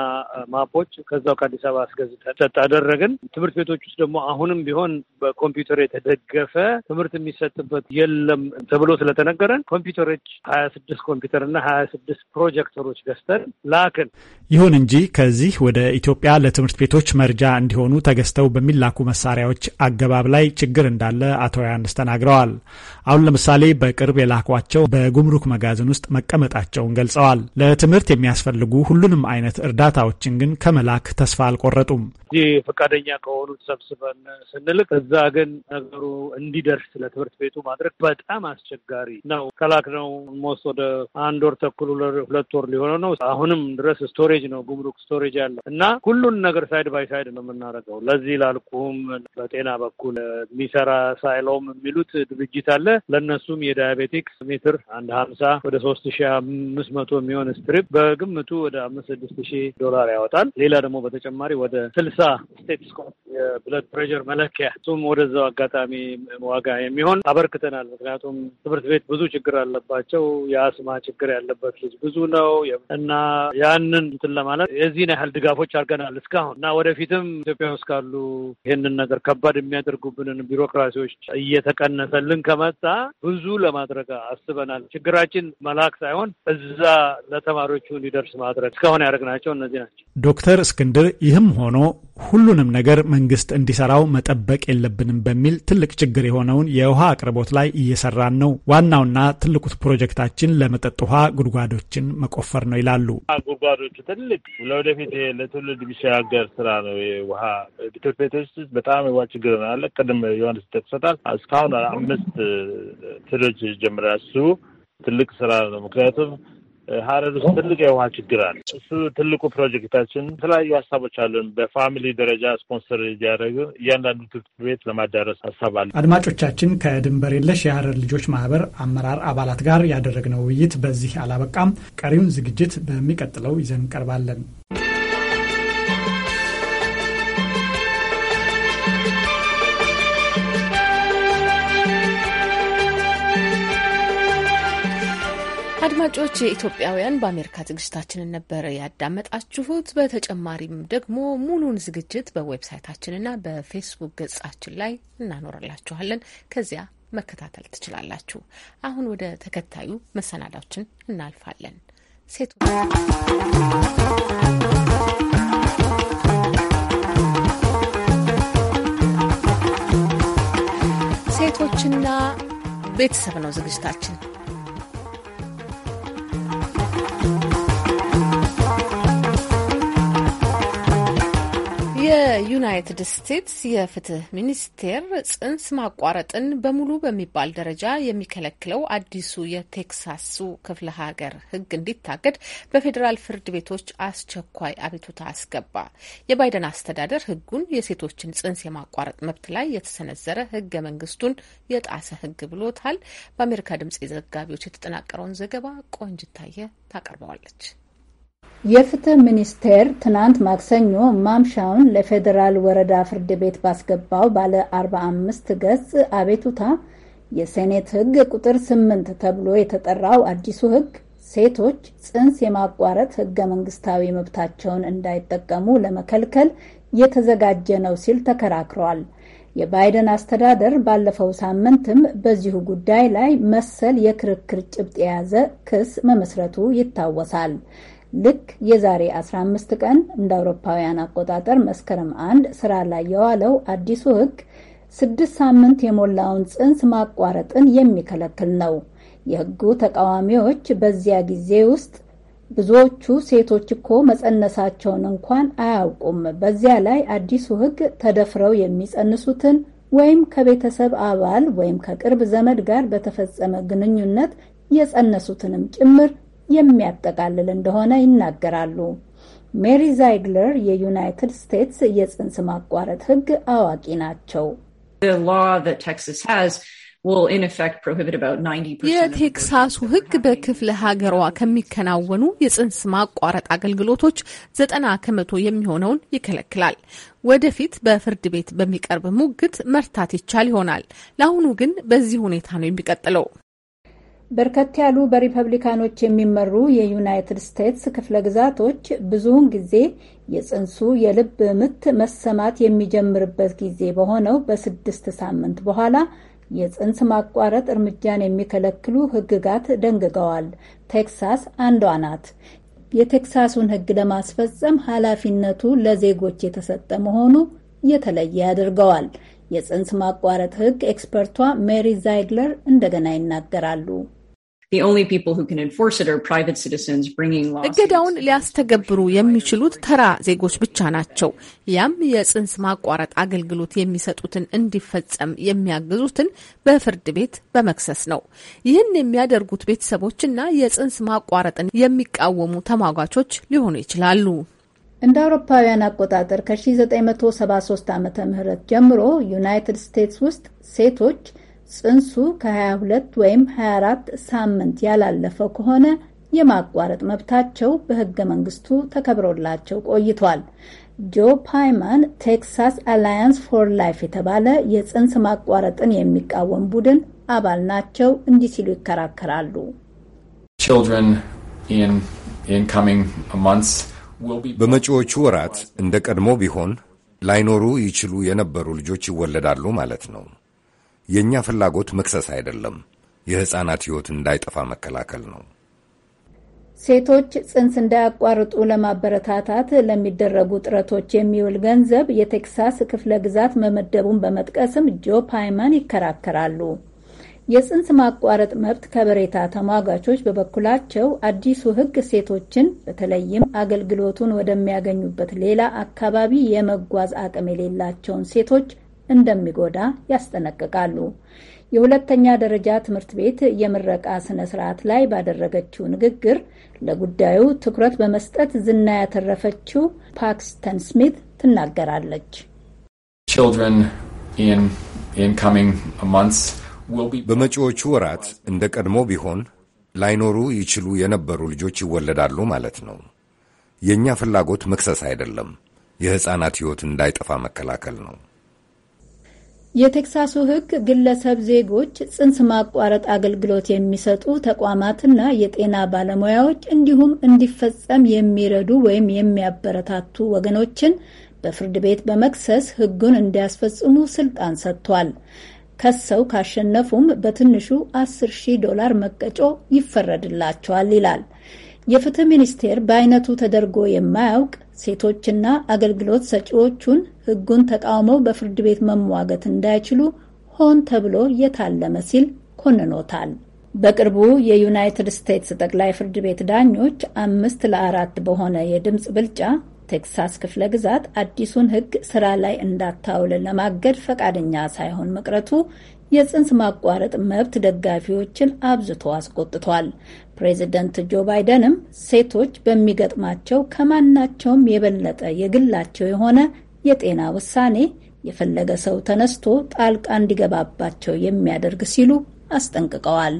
ማፖች ከዛው ከአዲስ አበባ አስገዝተን ሰጥ አደረግን። ትምህርት ቤቶች ውስጥ ደግሞ አሁንም ቢሆን በኮምፒውተር የተደገፈ ትምህርት የሚሰጥበት የለም ተብሎ ስለተነገረን ኮምፒውተሮች ሀያ ስድስት ኮምፒውተር እና ሀያ ስድስት ፕሮጀክተሮች ገዝተን ላክን። ይሁን እንጂ ከዚህ ወደ ኢትዮጵያ ለትምህርት ቤቶች መርጃ እንዲሆኑ ተገዝተው በሚላኩ መሳሪያዎች አገባብ ላይ ችግር እንዳለ አቶ ያንስ ተናግረዋል። ተናግረዋል። አሁን ለምሳሌ በቅርብ የላኳቸው በጉምሩክ መጋዘን ውስጥ መቀመጣቸውን ገልጸዋል። ለትምህርት የሚያስፈልጉ ሁሉንም አይነት እርዳታዎችን ግን ከመላክ ተስፋ አልቆረጡም። እዚህ ፈቃደኛ ከሆኑት ሰብስበን ስንልክ እዛ ግን ነገሩ እንዲደርስ ለትምህርት ቤቱ ማድረግ በጣም አስቸጋሪ ነው። ከላክ ነው ሞስ ወደ አንድ ወር ተኩል ሁለት ወር ሊሆነው ነው። አሁንም ድረስ ስቶሬጅ ነው ጉምሩክ ስቶሬጅ ያለው እና ሁሉን ነገር ሳይድ ባይ ሳይድ ነው የምናደርገው። ለዚህ ላልኩም በጤና በኩል የሚሰራ ሳይሎም የሚሉት ዝግጅት አለ። ለእነሱም የዳያቤቲክስ ሜትር አንድ ሀምሳ ወደ ሶስት ሺ አምስት መቶ የሚሆን ስትሪፕ በግምቱ ወደ አምስት ስድስት ሺ ዶላር ያወጣል። ሌላ ደግሞ በተጨማሪ ወደ ስልሳ ስቴትስኮፕ የብለድ ፕሬዠር መለኪያ እሱም ወደዛው አጋጣሚ ዋጋ የሚሆን አበርክተናል። ምክንያቱም ትምህርት ቤት ብዙ ችግር አለባቸው። የአስማ ችግር ያለበት ልጅ ብዙ ነው እና ያንን እንትን ለማለት የዚህን ያህል ድጋፎች አድርገናል እስካሁን እና ወደፊትም ኢትዮጵያ ውስጥ ካሉ ይህንን ነገር ከባድ የሚያደርጉብንን ቢሮክራሲዎች እየተቀነሰ መልሰልን ከመጣ ብዙ ለማድረግ አስበናል። ችግራችን መላክ ሳይሆን እዛ ለተማሪዎቹ እንዲደርስ ማድረግ እስካሁን ያደረግናቸው እነዚህ ናቸው። ዶክተር እስክንድር ይህም ሆኖ ሁሉንም ነገር መንግስት እንዲሰራው መጠበቅ የለብንም በሚል ትልቅ ችግር የሆነውን የውሃ አቅርቦት ላይ እየሰራን ነው። ዋናውና ትልቁት ፕሮጀክታችን ለመጠጥ ውሃ ጉድጓዶችን መቆፈር ነው ይላሉ። ጉድጓዶቹ ትልቅ ለወደፊት ለትውልድ የሚሸጋገር ስራ ነው። ውሃ ቤቶች በጣም የውሃ ችግር አለ። ቅድም የሆነ ስጠቅሰታል እስካሁን አምስት ትሎች ጀምረ እሱ ትልቅ ስራ ነው። ምክንያቱም ሀረር ውስጥ ትልቅ የውሃ ችግር አለ። እሱ ትልቁ ፕሮጀክታችን። የተለያዩ ሀሳቦች አሉን። በፋሚሊ ደረጃ ስፖንሰር እያደረግ እያንዳንዱ ትምህርት ቤት ለማዳረስ ሀሳብ አለ። አድማጮቻችን፣ ከድንበር የለሽ የሀረር ልጆች ማህበር አመራር አባላት ጋር ያደረግነው ውይይት በዚህ አላበቃም። ቀሪውን ዝግጅት በሚቀጥለው ይዘን እንቀርባለን። አድማጮች የኢትዮጵያውያን በአሜሪካ ዝግጅታችንን ነበረ ያዳመጣችሁት። በተጨማሪም ደግሞ ሙሉን ዝግጅት በዌብሳይታችንና በፌስቡክ ገጻችን ላይ እናኖረላችኋለን። ከዚያ መከታተል ትችላላችሁ። አሁን ወደ ተከታዩ መሰናዳዎችን እናልፋለን። ሴቱ ሴቶችና ቤተሰብ ነው ዝግጅታችን። የዩናይትድ ስቴትስ የፍትህ ሚኒስቴር ጽንስ ማቋረጥን በሙሉ በሚባል ደረጃ የሚከለክለው አዲሱ የቴክሳሱ ክፍለ ሀገር ሕግ እንዲታገድ በፌዴራል ፍርድ ቤቶች አስቸኳይ አቤቱታ አስገባ። የባይደን አስተዳደር ሕጉን የሴቶችን ጽንስ የማቋረጥ መብት ላይ የተሰነዘረ ሕገ መንግስቱን የጣሰ ሕግ ብሎታል። በአሜሪካ ድምጽ የዘጋቢዎች የተጠናቀረውን ዘገባ ቆንጅታየ ታቀርበዋለች። የፍትህ ሚኒስቴር ትናንት ማክሰኞ ማምሻውን ለፌዴራል ወረዳ ፍርድ ቤት ባስገባው ባለ 45 ገጽ አቤቱታ የሴኔት ህግ ቁጥር 8 ተብሎ የተጠራው አዲሱ ህግ ሴቶች ጽንስ የማቋረጥ ህገ መንግስታዊ መብታቸውን እንዳይጠቀሙ ለመከልከል የተዘጋጀ ነው ሲል ተከራክሯል። የባይደን አስተዳደር ባለፈው ሳምንትም በዚሁ ጉዳይ ላይ መሰል የክርክር ጭብጥ የያዘ ክስ መመስረቱ ይታወሳል። ልክ የዛሬ 15 ቀን እንደ አውሮፓውያን አቆጣጠር መስከረም አንድ ስራ ላይ የዋለው አዲሱ ህግ ስድስት ሳምንት የሞላውን ጽንስ ማቋረጥን የሚከለክል ነው። የህጉ ተቃዋሚዎች በዚያ ጊዜ ውስጥ ብዙዎቹ ሴቶች እኮ መጸነሳቸውን እንኳን አያውቁም፣ በዚያ ላይ አዲሱ ሕግ ተደፍረው የሚጸንሱትን ወይም ከቤተሰብ አባል ወይም ከቅርብ ዘመድ ጋር በተፈጸመ ግንኙነት የጸነሱትንም ጭምር የሚያጠቃልል እንደሆነ ይናገራሉ። ሜሪ ዛይግለር የዩናይትድ ስቴትስ የጽንስ ማቋረጥ ሕግ አዋቂ ናቸው። የቴክሳሱ ሕግ በክፍለ ሀገሯ ከሚከናወኑ የጽንስ ማቋረጥ አገልግሎቶች ዘጠና ከመቶ የሚሆነውን ይከለክላል። ወደፊት በፍርድ ቤት በሚቀርብ ሙግት መርታት ይቻል ይሆናል። ለአሁኑ ግን በዚህ ሁኔታ ነው የሚቀጥለው። በርከት ያሉ በሪፐብሊካኖች የሚመሩ የዩናይትድ ስቴትስ ክፍለ ግዛቶች ብዙውን ጊዜ የጽንሱ የልብ ምት መሰማት የሚጀምርበት ጊዜ በሆነው በስድስት ሳምንት በኋላ የጽንስ ማቋረጥ እርምጃን የሚከለክሉ ሕግጋት ደንግገዋል። ቴክሳስ አንዷ ናት። የቴክሳሱን ሕግ ለማስፈጸም ኃላፊነቱ ለዜጎች የተሰጠ መሆኑ የተለየ ያደርገዋል። የጽንስ ማቋረጥ ሕግ ኤክስፐርቷ ሜሪ ዛይግለር እንደገና ይናገራሉ። እገዳውን ሊያስተገብሩ የሚችሉት ተራ ዜጎች ብቻ ናቸው። ያም የጽንስ ማቋረጥ አገልግሎት የሚሰጡትን እንዲፈጸም የሚያግዙትን በፍርድ ቤት በመክሰስ ነው። ይህን የሚያደርጉት ቤተሰቦችና የጽንስ ማቋረጥን የሚቃወሙ ተሟጋቾች ሊሆኑ ይችላሉ። እንደ አውሮፓውያን አቆጣጠር ከ1973 ዓ ም ጀምሮ ዩናይትድ ስቴትስ ውስጥ ሴቶች ጽንሱ ከ22 ወይም 24 ሳምንት ያላለፈው ከሆነ የማቋረጥ መብታቸው በህገ መንግስቱ ተከብሮላቸው ቆይቷል። ጆ ፓይማን ቴክሳስ አላያንስ ፎር ላይፍ የተባለ የጽንስ ማቋረጥን የሚቃወም ቡድን አባል ናቸው። እንዲህ ሲሉ ይከራከራሉ። በመጪዎቹ ወራት እንደ ቀድሞ ቢሆን ላይኖሩ ይችሉ የነበሩ ልጆች ይወለዳሉ ማለት ነው። የእኛ ፍላጎት መክሰስ አይደለም፣ የሕፃናት ሕይወት እንዳይጠፋ መከላከል ነው። ሴቶች ጽንስ እንዳያቋርጡ ለማበረታታት ለሚደረጉ ጥረቶች የሚውል ገንዘብ የቴክሳስ ክፍለ ግዛት መመደቡን በመጥቀስም ጆ ፓይማን ይከራከራሉ። የጽንስ ማቋረጥ መብት ከበሬታ ተሟጋቾች በበኩላቸው አዲሱ ሕግ ሴቶችን በተለይም አገልግሎቱን ወደሚያገኙበት ሌላ አካባቢ የመጓዝ አቅም የሌላቸውን ሴቶች እንደሚጎዳ ያስጠነቅቃሉ። የሁለተኛ ደረጃ ትምህርት ቤት የምረቃ ስነ ስርዓት ላይ ባደረገችው ንግግር ለጉዳዩ ትኩረት በመስጠት ዝና ያተረፈችው ፓክስተን ስሚት ትናገራለች። በመጪዎቹ ወራት እንደ ቀድሞ ቢሆን ላይኖሩ ይችሉ የነበሩ ልጆች ይወለዳሉ ማለት ነው። የእኛ ፍላጎት መክሰስ አይደለም፣ የሕፃናት ሕይወት እንዳይጠፋ መከላከል ነው። የቴክሳሱ ሕግ ግለሰብ ዜጎች ጽንስ ማቋረጥ አገልግሎት የሚሰጡ ተቋማትና የጤና ባለሙያዎች እንዲሁም እንዲፈጸም የሚረዱ ወይም የሚያበረታቱ ወገኖችን በፍርድ ቤት በመክሰስ ሕጉን እንዲያስፈጽሙ ስልጣን ሰጥቷል። ከሰው ካሸነፉም በትንሹ 10 ሺህ ዶላር መቀጮ ይፈረድላቸዋል ይላል። የፍትህ ሚኒስቴር በአይነቱ ተደርጎ የማያውቅ ሴቶችና አገልግሎት ሰጪዎቹን ህጉን ተቃውመው በፍርድ ቤት መሟገት እንዳይችሉ ሆን ተብሎ የታለመ ሲል ኮንኖታል። በቅርቡ የዩናይትድ ስቴትስ ጠቅላይ ፍርድ ቤት ዳኞች አምስት ለአራት በሆነ የድምፅ ብልጫ ቴክሳስ ክፍለ ግዛት አዲሱን ህግ ስራ ላይ እንዳታውል ለማገድ ፈቃደኛ ሳይሆን መቅረቱ የጽንስ ማቋረጥ መብት ደጋፊዎችን አብዝቶ አስቆጥቷል። ፕሬዚደንት ጆ ባይደንም ሴቶች በሚገጥማቸው ከማናቸውም የበለጠ የግላቸው የሆነ የጤና ውሳኔ የፈለገ ሰው ተነስቶ ጣልቃ እንዲገባባቸው የሚያደርግ ሲሉ አስጠንቅቀዋል።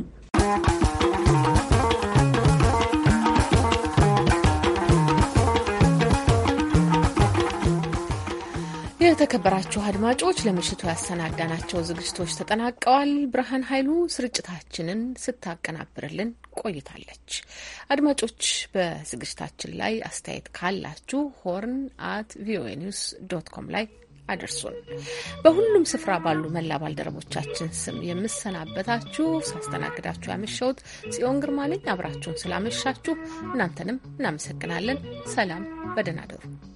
የተከበራችሁ አድማጮች ለምሽቱ ያሰናዳናቸው ዝግጅቶች ተጠናቀዋል። ብርሃን ኃይሉ ስርጭታችንን ስታቀናብርልን ቆይታለች። አድማጮች በዝግጅታችን ላይ አስተያየት ካላችሁ ሆርን አት ቪኦኤ ኒውስ ዶት ኮም ላይ አድርሱን። በሁሉም ስፍራ ባሉ መላ ባልደረቦቻችን ስም የምሰናበታችሁ ሳስተናግዳችሁ ያመሸሁት ጽዮን ግርማ ነኝ። አብራችሁን ስላመሻችሁ እናንተንም እናመሰግናለን። ሰላም፣ በደህና ደሩ።